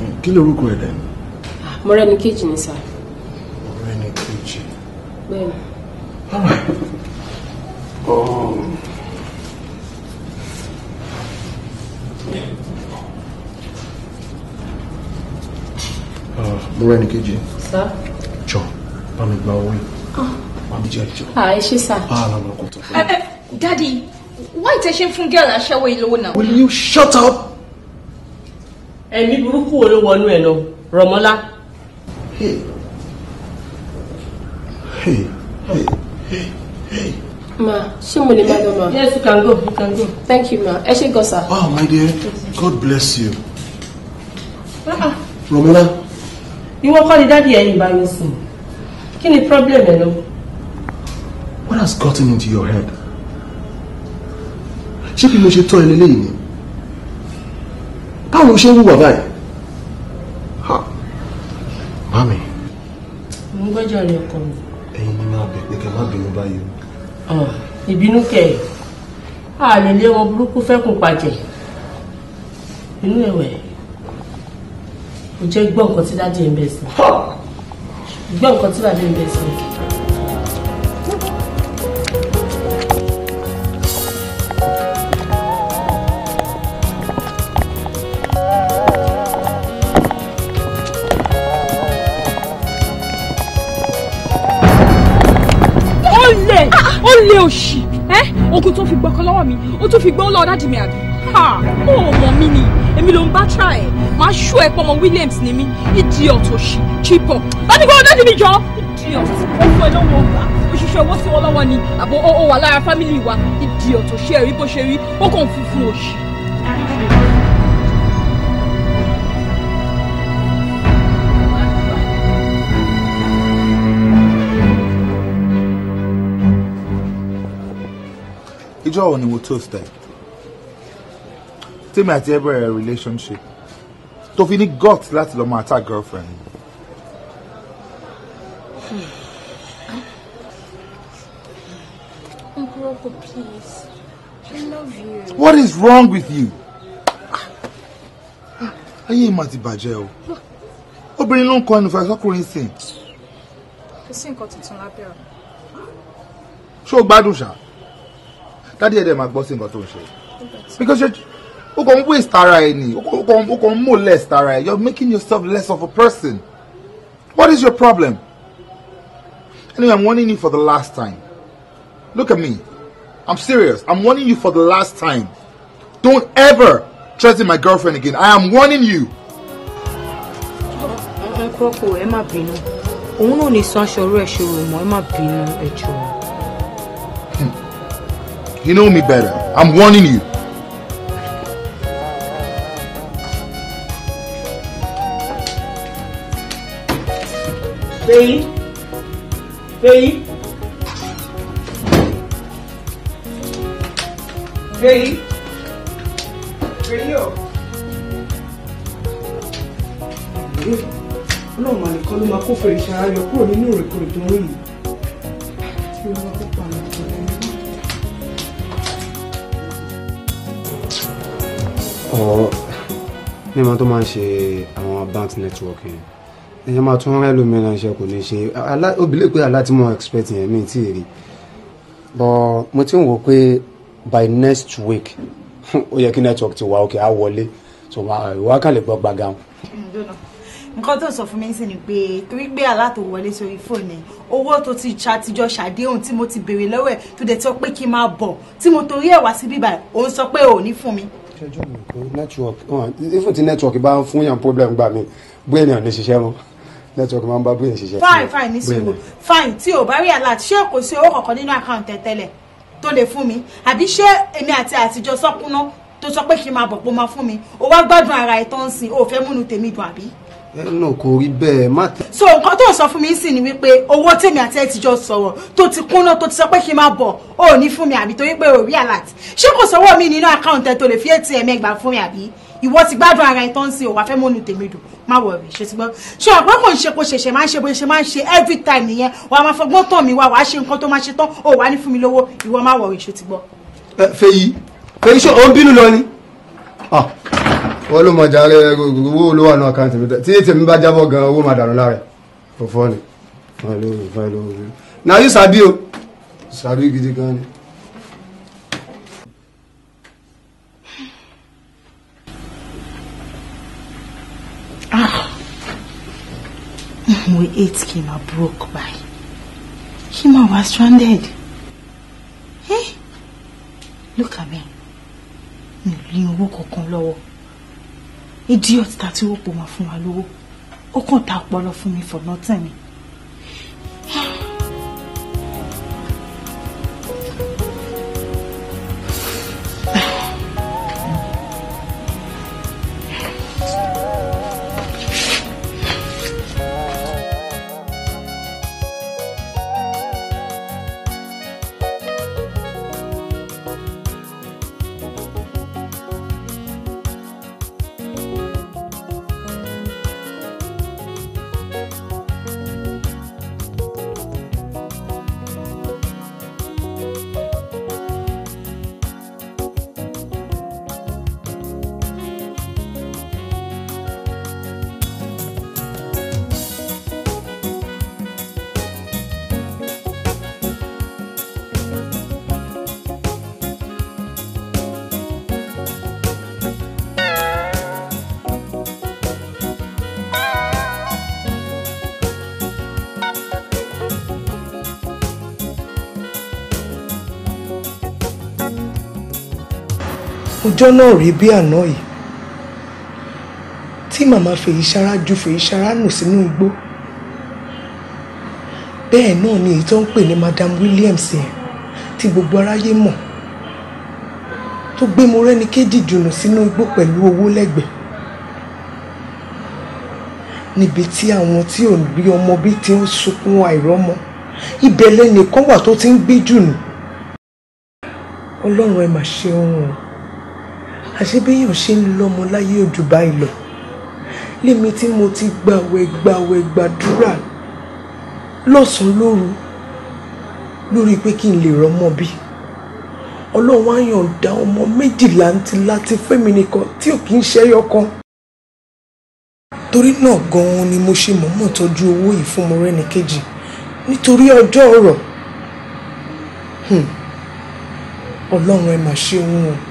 B: Hmm, kí lorúkọ ẹ lẹ́nu.
D: mọ̀rẹ́ni kejì ni sà.
B: mọ̀rẹ́ni kejì.
D: bẹ́ẹ̀ni. all ah.
B: right. Oh. Ah, mọ̀rẹ́ni kejì. sà. jọ bá mi gba owó yìí. Ah. bá mi
D: jẹ́ jọ why tẹ ṣe ń fún girl aṣẹ́wó ìlówó náà. will
B: you
F: shut up. ẹ̀mí burúkú wo ló wọnú ẹ̀ lọ
B: Hey.
D: Hey. Hey. Hey. Ma, ṣé mo lè máa lọ ma? Yes, you can go, you can go. Thank you, ma. Ẹ ṣé gan sir. Oh, my
B: dear, God bless you. Ah, ah. Romola.
D: Ìwọ kọ́ ni dádì ẹ̀yin bá mi sùn. Kí ni problem ẹ̀ lọ?
B: What has gotten into your head? ṣé bí mo ṣe tọ́ ẹni léyìí ni báwo ṣe ń wù bàbá yìí ha mami.
D: mo ń gbẹ́jọ́ rẹ̀ ọkọ mi.
B: ẹ̀yin ni máa bẹ̀ pé kẹ́ má bínú báyìí
D: o. ìbínú kẹ̀ á lè lé ọmọ burúkú fẹ́kùn pàjẹ́ inú ẹ̀wẹ̀ kò jẹ́ gbọ́ nǹkan tí dájú ẹ̀ ń bẹ̀ sí gbọ́ nǹkan tí dájú ẹ̀ ń bẹ̀ sí. oògùn tó fi gbọ́kọ lọ́wọ́ mi ó tún fi gbọ́ lọ́ọ́ dáàdì mi àbí ó mọ mi ni èmi ló ń bá tra ẹ̀ máa ṣú ẹ pọ́mọ Williams ni mí ìdí ọ̀tọ̀ ṣì chípọ̀ láti gbọ́ dáàdì mi jọ ìdí ọ̀tọ̀ ó fún ẹ lọ́wọ́ ọgbà òṣìṣẹ́ owó sí wọn lọ́wọ́ ni àbò ó wà lára fámìlì wa ìdí ọ̀tọ̀ ṣe rí bó ṣe rí ó kàn funfun òṣì
C: ìjọ òní wo toast ẹ̀ tèmi àti ẹ bẹ̀rẹ̀ relationship tó fi ní gut láti lọ́ọ́ máa girlfriend. Hmm. What is wrong with you? Ayé ìmọ̀ ti bàjẹ́ o. Obìnrin ló ń kọ ẹnufẹ́ sọ́kùnrin sìn.
D: Kò sí nǹkan tuntun lábẹ́ ọ̀run.
C: Ṣé o gbádùn ṣáà? dádì ẹ̀dẹ̀ máa gbọ́ sí nǹkan tó ń ṣe because o kàn ń waste ara ẹ ni o kàn ń molest ara ẹ you're making yourself less of a person what is your problem anyway I'm warning you for the last time look at me I'm serious I'm warning you for the last time don't ever threaten my girlfriend again I am warning you.
D: ẹ kọ́kọ́ ẹ má bínú òun náà ní sọ aṣọ ọ̀rọ̀ ẹ̀ ṣòro mọ́ ẹ má bínú ẹ jọ̀ọ́.
C: You know me better. I'm warning you.
F: Babe? Babe? Babe? Radio? Ọlọ́run àlèkọ́ ló máa kó fèrèsé ara yọ kúrò nínú òrèkòrè tó ń rí yìí.
B: ọ ní ma tó máa ń ṣe àwọn bank networking ẹ̀yẹ́ máa tún rẹ́ lómi ránṣẹ́ kò ní ṣe obìnrin pé aláti mọ̀ expect yẹn mi tí rí but mo ti ń wò pé by next week (laughs) ó yẹ kí network ti wà òkè á wọlé so ìwà kan lè gbọ́ gbaga.
D: nǹkan tó sọ fún mi sí ni pé torí pé alátò wọlé sórí fóònù owó tó ti ṣá tijọ́ ṣàdéhùn tí mo ti béèrè lọ́wọ́
F: ẹ̀ tó dẹ̀ tí ó pé kí n máa bọ̀ tí mo torí ẹ̀ wá sí bíbá ẹ̀ òun sọ pé òun ní fún mi
B: ṣẹjọ mi kò network ifun ti network bá ń fún yàn problem gbà mí brain yàn ní ṣiṣẹ́ wọn network máa ń bá brain ṣiṣẹ́. fine fine ní sùúrù
D: fine tí o bá rí alert ṣé kò sí owó kankan nínú àkáǹtì tẹ́lẹ̀ tó lè fún mi àbí ṣé èmi àti àtijọ́ sọ́kúnná tó sọ pé kí n máa bọ̀ pọ̀ máa fún mi o wá gbádùn ara ẹ̀ tó ń sìn o ò fẹ́ múnú tèmi dùn àbí
B: ẹnu kò rí bẹ́ẹ̀ má tẹ.
D: so nǹkan tó sọ fún mi sì ni wípé owó tèmi àti ẹ ti jọ sọ̀rọ̀ tó ti kúnná tó ti sọ pé kí n máa bọ̀ ó ní fún mi àbí torí pé ò rí alert ṣé kò sọ́wọ́ mi nínú àkáǹtì ẹ tó lè fi ATM ẹ gbà fún mi àbí ìwọ ti gbádùn ara ẹ tó ń sin òwà fẹ́ mọ́nu tèmi dùn má wọ̀rì ṣe ti gbọ́ ṣé ọ̀pọ̀ kò ń ṣe kó ṣẹ̀ṣẹ̀ máa ń ṣe bó ṣe máa ń ṣe every time nìyẹn wà á máa fọgbọ́n tàn mí wá wà á ṣe nǹkan tó máa ṣe tán ò wá ní fún mi lówó ìwọ má wọ̀rì ṣe ti gbọ́.
B: ẹ fẹ́ yí ṣé òun bínú lọ ni Ah. wọ́n ló mọ jàre owó ló wà ní àkáǹtì mi tí tèmi bá jábọ̀ gan owó máa dànù lára ẹ̀ fọ́ ni na yóò sábí o sábí gidi gan ni. Ah.
D: mo eight kí n máa broke báyìí kí n máa stranded. Hey, eh? look at me mi ò lé owó kankan lọ́wọ́ idiot ta tí ó pò máa fún wa lówó ó kàn ta ọpọlọ fún mi for nothing
F: ọjọ́ náà rí bí àná yìí tí màmá fèyí sára ju fèyí sára nù sínú igbó bẹ́ẹ̀ náà ni èyí tó ń pè ní madam williams yẹn tí gbogbo aráyé mọ̀ tó gbé mo rẹ́ni kéjì jùnù sínú igbó pẹ̀lú owó lẹ́gbẹ̀ẹ́ níbi tí àwọn tí ò rí ọmọ bí ti ń sunkún àìrọ́mọ ibẹ̀ lẹ́nìkan wà tó ti ń gbé jùnù ọlọ́run ẹ mà ṣe ohun o àṣebéyàn ṣe ń lọ́mọ láyé òjò báyìí lọ lémi tí mo ti gbàwẹ̀ gbàwẹ̀ gbàdúrà lọ́sàn-án lóru lórí pé kí n lè rọ́mọ bí ọlọ́run wá yọ̀ǹda ọmọ méjìlá ntí láti fẹ́mi nìkan tí ò kí ń ṣẹ́yọ kan torí náà gan-an ni mo ṣe mọ̀ọ́mọ̀ tọ́jú owó yìí fún Mọ́rẹ́nikẹ́jì nítorí ọjọ́ ọ̀rọ̀ hmm, ọlọ́run ẹ mà ṣe ohun o.